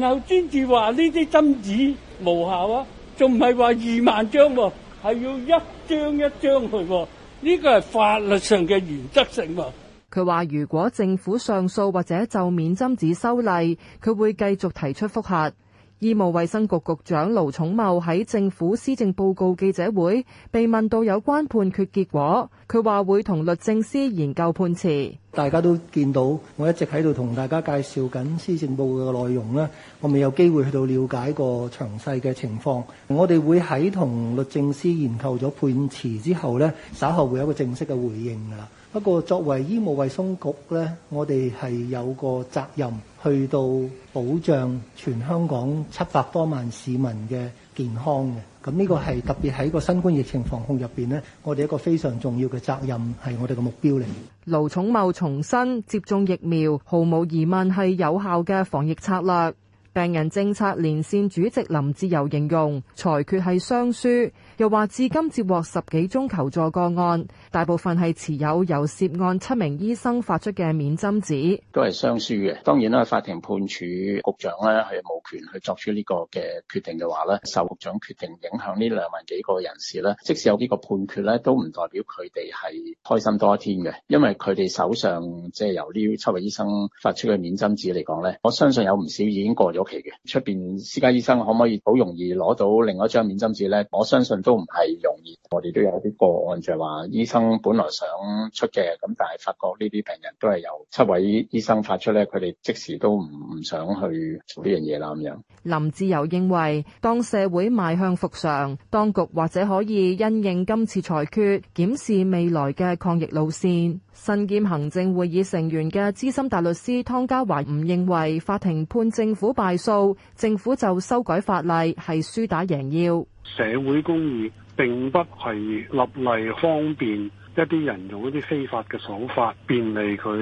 然後先至話呢啲針紙無效啊，仲唔係話二萬張喎？係要一張一張去喎。呢個係法律上嘅原則性喎。佢話如果政府上訴或者就免針紙修例，佢會繼續提出覆核。醫務衛生局局長盧寵茂喺政府施政報告記者會被問到有關判決結果，佢話會同律政司研究判詞。大家都見到我一直喺度同大家介紹緊施政報告嘅內容呢，我未有機會去到了解個詳細嘅情況。我哋會喺同律政司研究咗判詞之後呢，稍後會有個正式嘅回應噶啦。不過，作為醫務衛生局呢，我哋係有個責任去到保障全香港七百多萬市民嘅健康嘅。咁呢個係特別喺個新冠疫情防控入邊呢，我哋一個非常重要嘅責任係我哋嘅目標嚟。盧寵茂重申，接種疫苗毫無疑問係有效嘅防疫策略。病人政策連線主席林志游形容裁決係雙輸。又話至今接獲十幾宗求助個案，大部分係持有由涉案七名醫生發出嘅免針紙，都係雙輸嘅。當然啦，法庭判處局長咧佢冇權去作出呢個嘅決定嘅話咧，受局長決定影響呢兩萬幾個人士咧，即使有呢個判決咧，都唔代表佢哋係開心多一天嘅，因為佢哋手上即係、就是、由呢七位醫生發出嘅免針紙嚟講咧，我相信有唔少已經過咗期嘅，出邊私家醫生可唔可以好容易攞到另外一張免針紙咧？我相信。都唔係容易，我哋都有一啲個案就，就係話醫生本來想出嘅，咁但係發覺呢啲病人都係由七位醫生發出咧，佢哋即時都唔想去做呢樣嘢啦咁樣。林志友認為當社會邁向復常，當局或者可以因應今次裁決檢視未來嘅抗疫路線，身兼行政會議成員嘅資深大律師湯家驊唔認為法庭判政府敗訴，政府就修改法例係輸打贏要。社會公義並不係立例方便一啲人用一啲非法嘅手法便利佢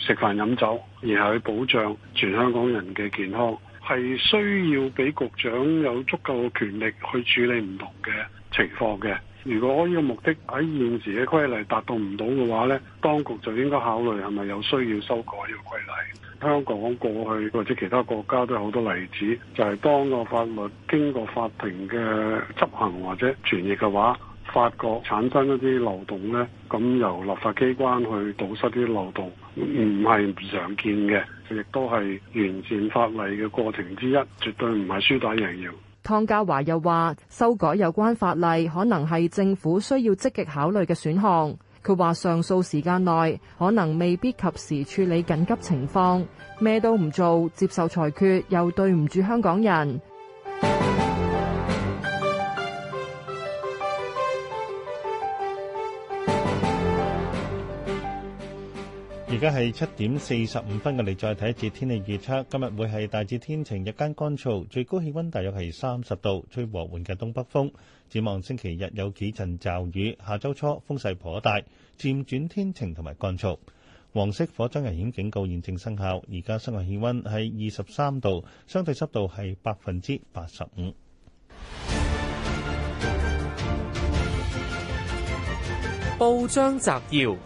食飯飲酒，而係去保障全香港人嘅健康，係需要俾局長有足夠嘅權力去處理唔同嘅情況嘅。如果呢個目的喺現時嘅規例達到唔到嘅話呢，當局就應該考慮係咪有需要修改呢個規例。香港過去或者其他國家都有好多例子，就係當個法律經過法庭嘅執行或者傳譯嘅話，發覺產生一啲漏洞呢，咁由立法機關去堵塞啲漏洞，唔係唔常見嘅，亦都係完善法例嘅過程之一，絕對唔係輸打贏要。湯家驊又話：修改有關法例，可能係政府需要積極考慮嘅選項。佢話：上訴時間內可能未必及時處理緊急情況，咩都唔做，接受裁決又對唔住香港人。而家係七點四十五分，我哋再睇一次天氣預測。今日會係大致天晴，日間乾燥，最高氣温大約係三十度，吹和緩嘅東北風。展望星期日有幾陣驟雨，下周初風勢頗大，漸轉天晴同埋乾燥。黃色火災危險警告現正生效。而家室外氣温係二十三度，相對濕度係百分之八十五。報章摘要：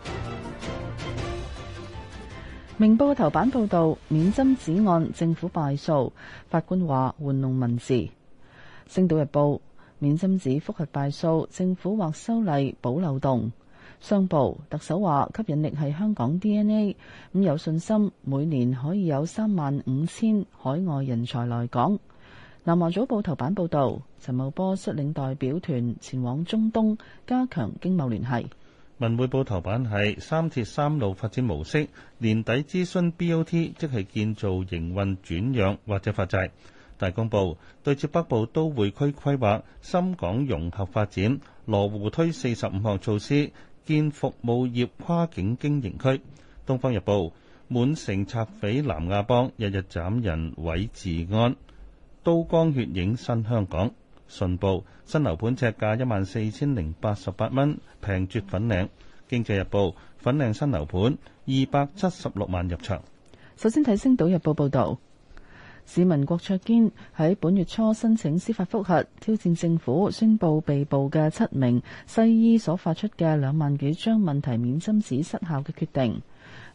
明報頭版報道，免針紙案，政府敗訴，法官話玩弄文字。星島日報。免針紙覆核敗訴，政府或修例補漏洞。商報特首話吸引力係香港 DNA，咁有信心每年可以有三萬五千海外人才來港。南華早報頭版報導，陳茂波率領代表團前往中東加強經貿聯繫。文匯報頭版係三鐵三路發展模式，年底諮詢 BOT，即係建造營運轉讓或者發債。大公報對接北部都會區規劃，深港融合發展。羅湖推四十五項措施，建服務業跨境經營區。《東方日報》滿城賊匪南亞幫，日日斬人毀治安，刀光血影新香港。《信報》新樓盤尺價一萬四千零八十八蚊，平絕粉嶺。《經濟日報》粉嶺新樓盤二百七十六萬入場。首先睇《星島日報》報道。市民郭卓堅喺本月初申請司法複核，挑戰政府宣布被捕嘅七名西醫所發出嘅兩萬幾張問題免針紙失效嘅決定。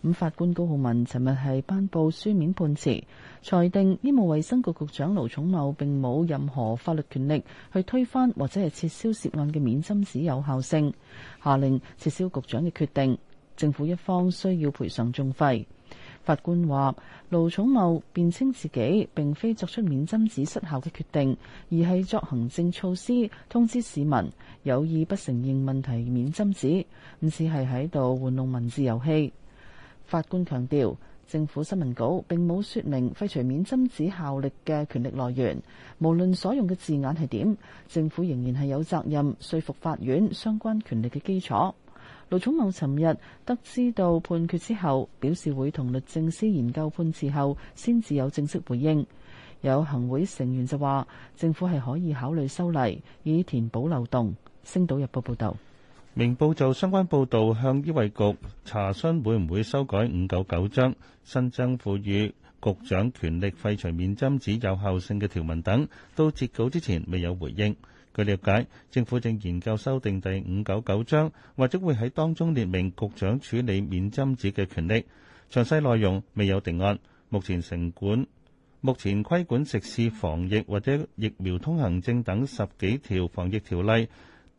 咁法官高浩文尋日係頒布書面判詞，裁定醫務衛生局局長盧寵茂並冇任何法律權力去推翻或者係撤銷涉案嘅免針紙有效性，下令撤銷局長嘅決定。政府一方需要賠償訟費。法官話：盧寵茂辯稱自己並非作出免針紙失效嘅決定，而係作行政措施通知市民有意不承認問題免針紙，唔似係喺度玩弄文字遊戲。法官強調，政府新聞稿並冇説明廢除免針紙效力嘅權力來源，無論所用嘅字眼係點，政府仍然係有責任說服法院相關權力嘅基礎。盧寵茂尋日得知到判決之後，表示會同律政司研究判詞後，先至有正式回應。有行會成員就話，政府係可以考慮修例以填補漏洞。星島日報報道，明報就相關報道向醫衛局查詢會唔會修改五九九章，新增賦予局長權力廢除免針紙有效性嘅條文等，到截稿之前未有回應。據了解，政府正研究修訂第五九九章，或者會喺當中列明局長處理免針紙嘅權力。詳細內容未有定案。目前城管目前規管食肆防疫或者疫苗通行證等十幾條防疫條例。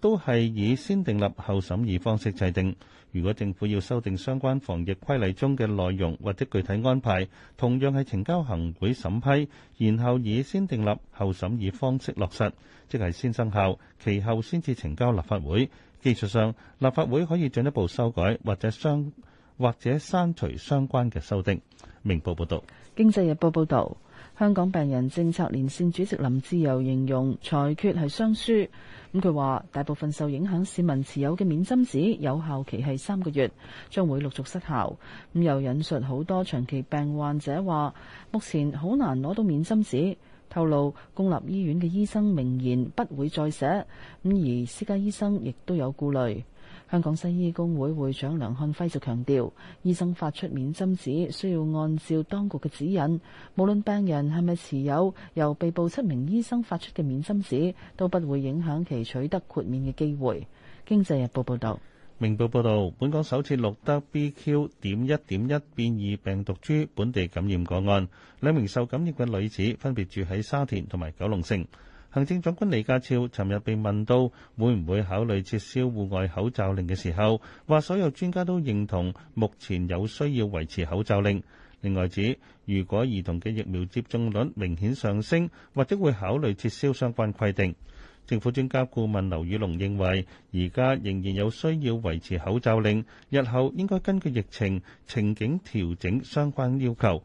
都係以先訂立後審議方式制定。如果政府要修訂相關防疫規例中嘅內容或者具體安排，同樣係呈交行會審批，然後以先訂立後審議方式落實，即係先生效，其後先至呈交立法會。技術上，立法會可以進一步修改或者相或者刪除相關嘅修訂。明報報道，《經濟日報》報道。香港病人政策連線主席林志柔形容裁決係雙輸，咁佢話大部分受影響市民持有嘅免針紙有效期係三個月，將會陸續失效。咁又引述好多長期病患者話目前好難攞到免針紙，透露公立醫院嘅醫生明言不會再寫，咁而私家醫生亦都有顧慮。香港西醫工會會長梁漢輝就強調，醫生發出免針紙需要按照當局嘅指引，無論病人係咪持有由被捕七名醫生發出嘅免針紙，都不會影響其取得豁免嘅機會。經濟日報報道，明報報道，本港首次錄得 BQ 點一點一變異病毒株本地感染個案，兩名受感染嘅女子分別住喺沙田同埋九龍城。行政長官李家超尋日被問到會唔會考慮撤銷戶外口罩令嘅時候，話所有專家都認同目前有需要維持口罩令。另外指，如果兒童嘅疫苗接種率明顯上升，或者會考慮撤銷相關規定。政府專家顧問劉宇隆認為，而家仍然有需要維持口罩令，日後應該根據疫情情景調整相關要求。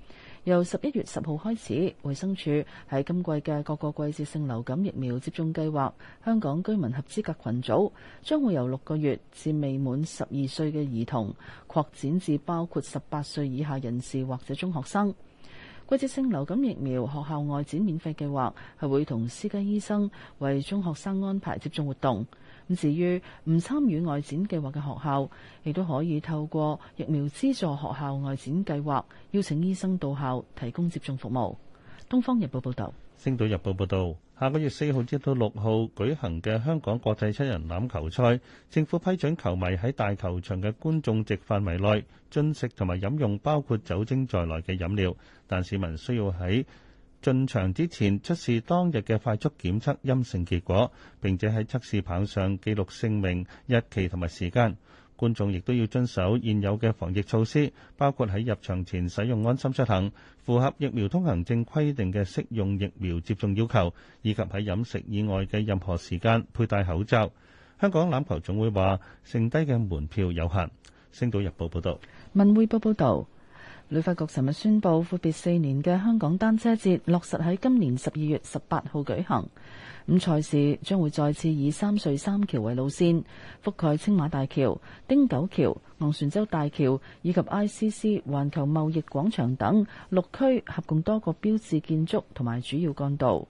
由十一月十號開始，衛生署喺今季嘅各個季節性流感疫苗接種計劃，香港居民合資格群組將會由六個月至未滿十二歲嘅兒童擴展至包括十八歲以下人士或者中學生。季節性流感疫苗學校外展免費計劃係會同私家醫生為中學生安排接種活動。至於唔參與外展計劃嘅學校，亦都可以透過疫苗資助學校外展計劃，邀請醫生到校提供接種服務。《東方日報》報導，《星島日報》報道：「下個月四號至到六號舉行嘅香港國際七人欖球賽，政府批准球迷喺大球場嘅觀眾席範圍內進食同埋飲用包括酒精在內嘅飲料，但市民需要喺進場之前出示當日嘅快速檢測陰性結果,並且喺測試棒上記錄姓名,日期同埋時間。觀眾亦都要遵守現有嘅防疫措施,包括喺入場前使用安心出行,符合疫苗通行證規定嘅適用疫苗接種要求,以及喺飲食以外嘅任何時間佩戴口罩。香港欖球總會話,剩低嘅門票有限。星島日報報道。文匯報報道。旅發局昨日宣布，闊別四年嘅香港單車節落實喺今年十二月十八號舉行。咁賽事將會再次以三隧三橋為路線，覆蓋青馬大橋、汀九橋、昂船洲大橋以及 ICC 環球貿易廣場等六區，合共多個標誌建築同埋主要幹道。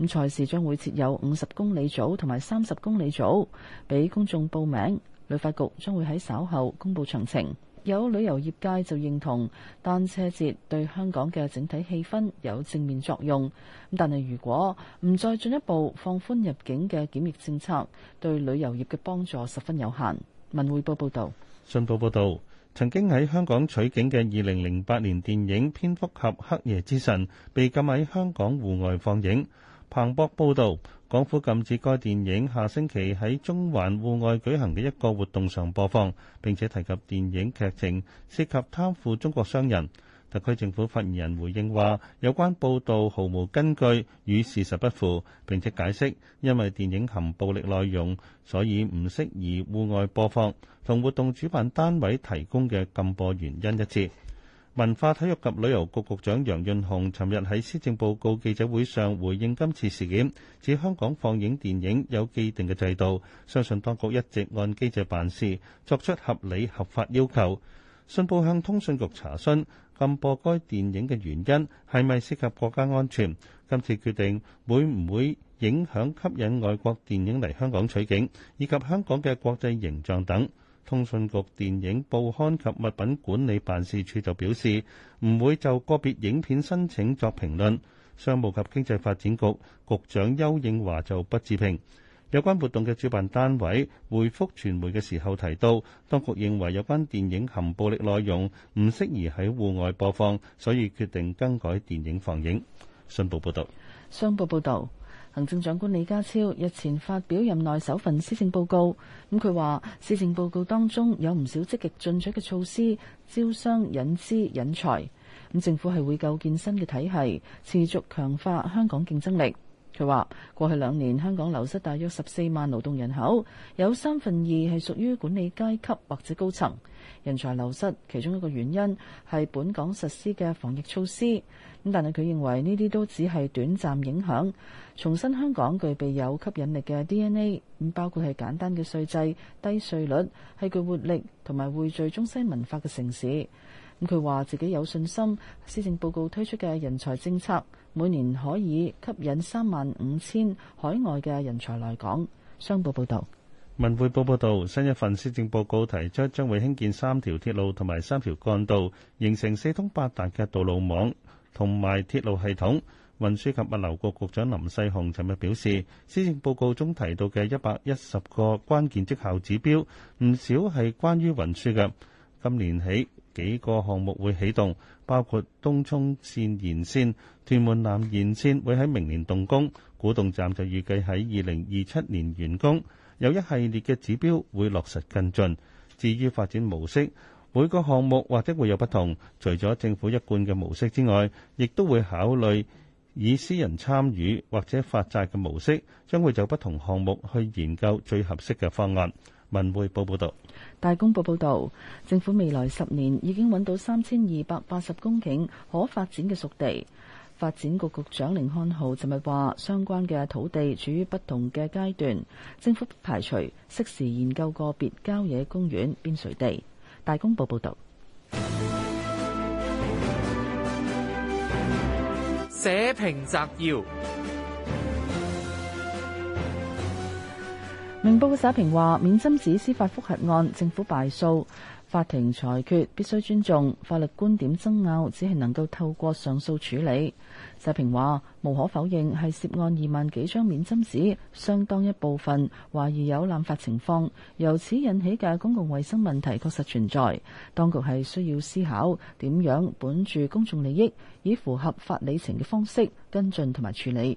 咁賽事將會設有五十公里組同埋三十公里組，俾公眾報名。旅發局將會喺稍後公布詳情。有旅遊業界就認同單車節對香港嘅整體氣氛有正面作用，但係如果唔再進一步放寬入境嘅檢疫政策，對旅遊業嘅幫助十分有限。文匯報報導，信報報道，曾經喺香港取景嘅二零零八年電影《蝙蝠俠：黑夜之神》被禁喺香港戶外放映。彭博報道，港府禁止該電影下星期喺中環戶外舉行嘅一個活動上播放，並且提及電影劇情涉及貪腐中國商人。特區政府發言人回應話，有關報道毫無根據，與事實不符。並且解釋，因為電影含暴力內容，所以唔適宜戶外播放，同活動主辦單位提供嘅禁播原因一致。文化體育及旅遊局局長楊潤雄尋日喺施政報告記者會上回應今次事件，指香港放映電影有既定嘅制度，相信當局一直按機制辦事，作出合理合法要求。信報向通訊局查詢禁播該電影嘅原因係咪涉及國家安全？今次決定會唔會影響吸引外國電影嚟香港取景，以及香港嘅國際形象等？.通訊局、電影報刊及物品管理辦事處就表示，唔會就個別影片申請作評論，商務及經濟發展局局，局長丘應樺就不置評，有關活動嘅主辦單位回覆傳媒嘅時候提到，當局認為有關電影含暴力內容，唔適宜喺戶外播放，所以決定更改電影放映。信報報道。信報報導。行政長官李家超日前發表任內首份施政報告，咁佢話施政報告當中有唔少積極進取嘅措施，招商引資引才，咁政府係會構建新嘅體系，持續強化香港競爭力。佢話：過去兩年香港流失大約十四萬勞動人口，有三分二係屬於管理階級或者高層。人才流失其中一個原因係本港實施嘅防疫措施。咁但係佢認為呢啲都只係短暫影響。重申香港具備有吸引力嘅 DNA，咁包括係簡單嘅稅制、低稅率，係具活力同埋匯聚中西文化嘅城市。咁佢話自己有信心，施政報告推出嘅人才政策。每年可以吸引三萬五千海外嘅人才來港。商報報道，文匯報報道，新一份施政報告提出將會興建三條鐵路同埋三條幹道，形成四通八達嘅道路網同埋鐵路系統。運輸及物流局局長林世雄尋日表示，施政報告中提到嘅一百一十個關鍵績效指標，唔少係關於運輸嘅。今年起幾個項目會啟動。包括東涌線延線屯門南延線會喺明年動工，古洞站就預計喺二零二七年完工，有一系列嘅指標會落實跟進，至於發展模式，每個項目或者會有不同，除咗政府一貫嘅模式之外，亦都會考慮以私人參與或者發債嘅模式，將會就不同項目去研究最合適嘅方案。文匯報報道。大公報報道，政府未來十年已經揾到三千二百八十公頃可發展嘅熟地。發展局局長甯漢豪尋日話，相關嘅土地處於不同嘅階段，政府不排除適時研究個別郊野公園邊陲地。大公報報道。社評摘要。明報嘅社評話：免針紙司法覆核案政府敗訴，法庭裁決必須尊重，法律觀點爭拗只係能夠透過上訴處理。社評話：無可否認係涉案二萬幾張免針紙，相當一部分懷疑有濫發情況，由此引起嘅公共衛生問題確實存在，當局係需要思考點樣本住公眾利益，以符合法理程嘅方式跟進同埋處理。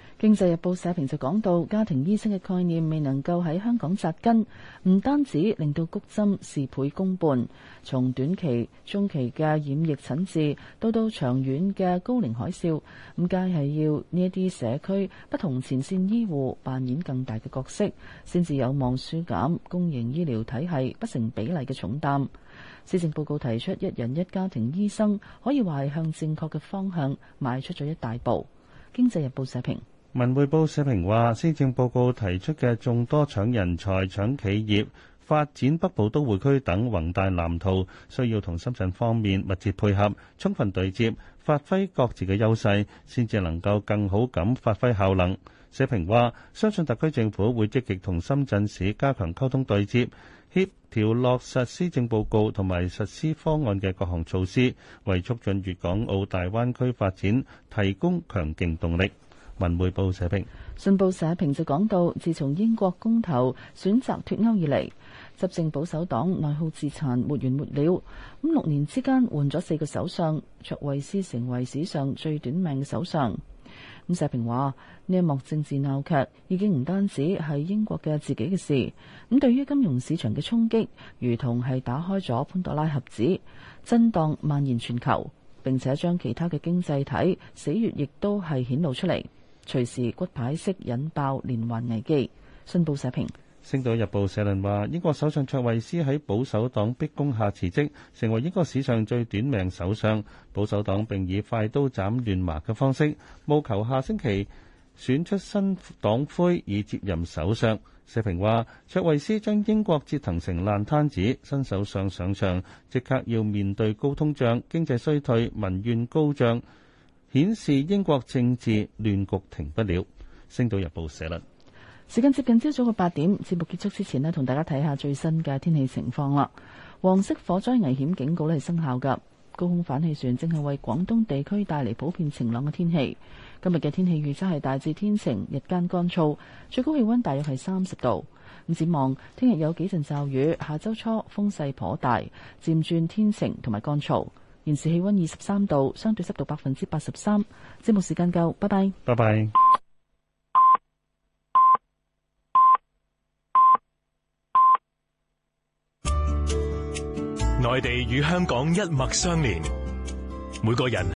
《經濟日報》社評就講到，家庭醫生嘅概念未能夠喺香港扎根，唔單止令到谷針事倍功半，從短期、中期嘅染疫診治到到長遠嘅高齡海嘯，咁皆係要呢一啲社區不同前線醫護扮演更大嘅角色，先至有望舒減公營醫療體系不成比例嘅重擔。施政報告提出一人一家庭醫生，可以話係向正確嘅方向邁出咗一大步。《經濟日報》社評。文匯報社評話，施政報告提出嘅眾多搶人才、搶企業發展北部都會區等宏大藍圖，需要同深圳方面密切配合，充分對接，發揮各自嘅優勢，先至能夠更好咁發揮效能。社評話，相信特區政府會積極同深圳市加強溝通對接，協調落實施政報告同埋實施方案嘅各項措施，為促進粵港澳大灣區發展提供強勁動力。文匯報社評，信報社評就講到，自從英國公投選擇脫歐以嚟，執政保守黨內耗自殘，沒完沒了。五六年之間換咗四個首相，卓慧思成為史上最短命嘅首相。咁社評話呢一幕政治鬧劇已經唔單止係英國嘅自己嘅事。咁對於金融市場嘅衝擊，如同係打開咗潘多拉盒子，震盪蔓延全球，並且將其他嘅經濟體死穴亦都係顯露出嚟。隨時骨牌式引爆連環危機。申報社評：《星島日報》社論話，英國首相卓慧思喺保守黨逼宮下辭職，成為英國史上最短命首相。保守黨並以快刀斬亂麻嘅方式，務求下星期選出新黨魁以接任首相。社評話，卓慧思將英國折騰成爛攤子，新首相上場即刻要面對高通脹、經濟衰退、民怨高漲。顯示英國政治亂局停不了。《星島日報》寫啦。時間接近朝早嘅八點，節目結束之前咧，同大家睇下最新嘅天氣情況啦。黃色火災危險警告咧係生效嘅。高空反氣旋正係為廣東地區帶嚟普遍晴朗嘅天氣。今日嘅天氣預測係大致天晴，日間乾燥，最高氣溫大約係三十度。咁展望，聽日有幾陣驟雨，下周初風勢頗大，漸轉天晴同埋乾燥。現時氣溫二十三度，相對濕度百分之八十三。節目時間夠，拜拜。拜拜。內地與香港一脈相連，每個人。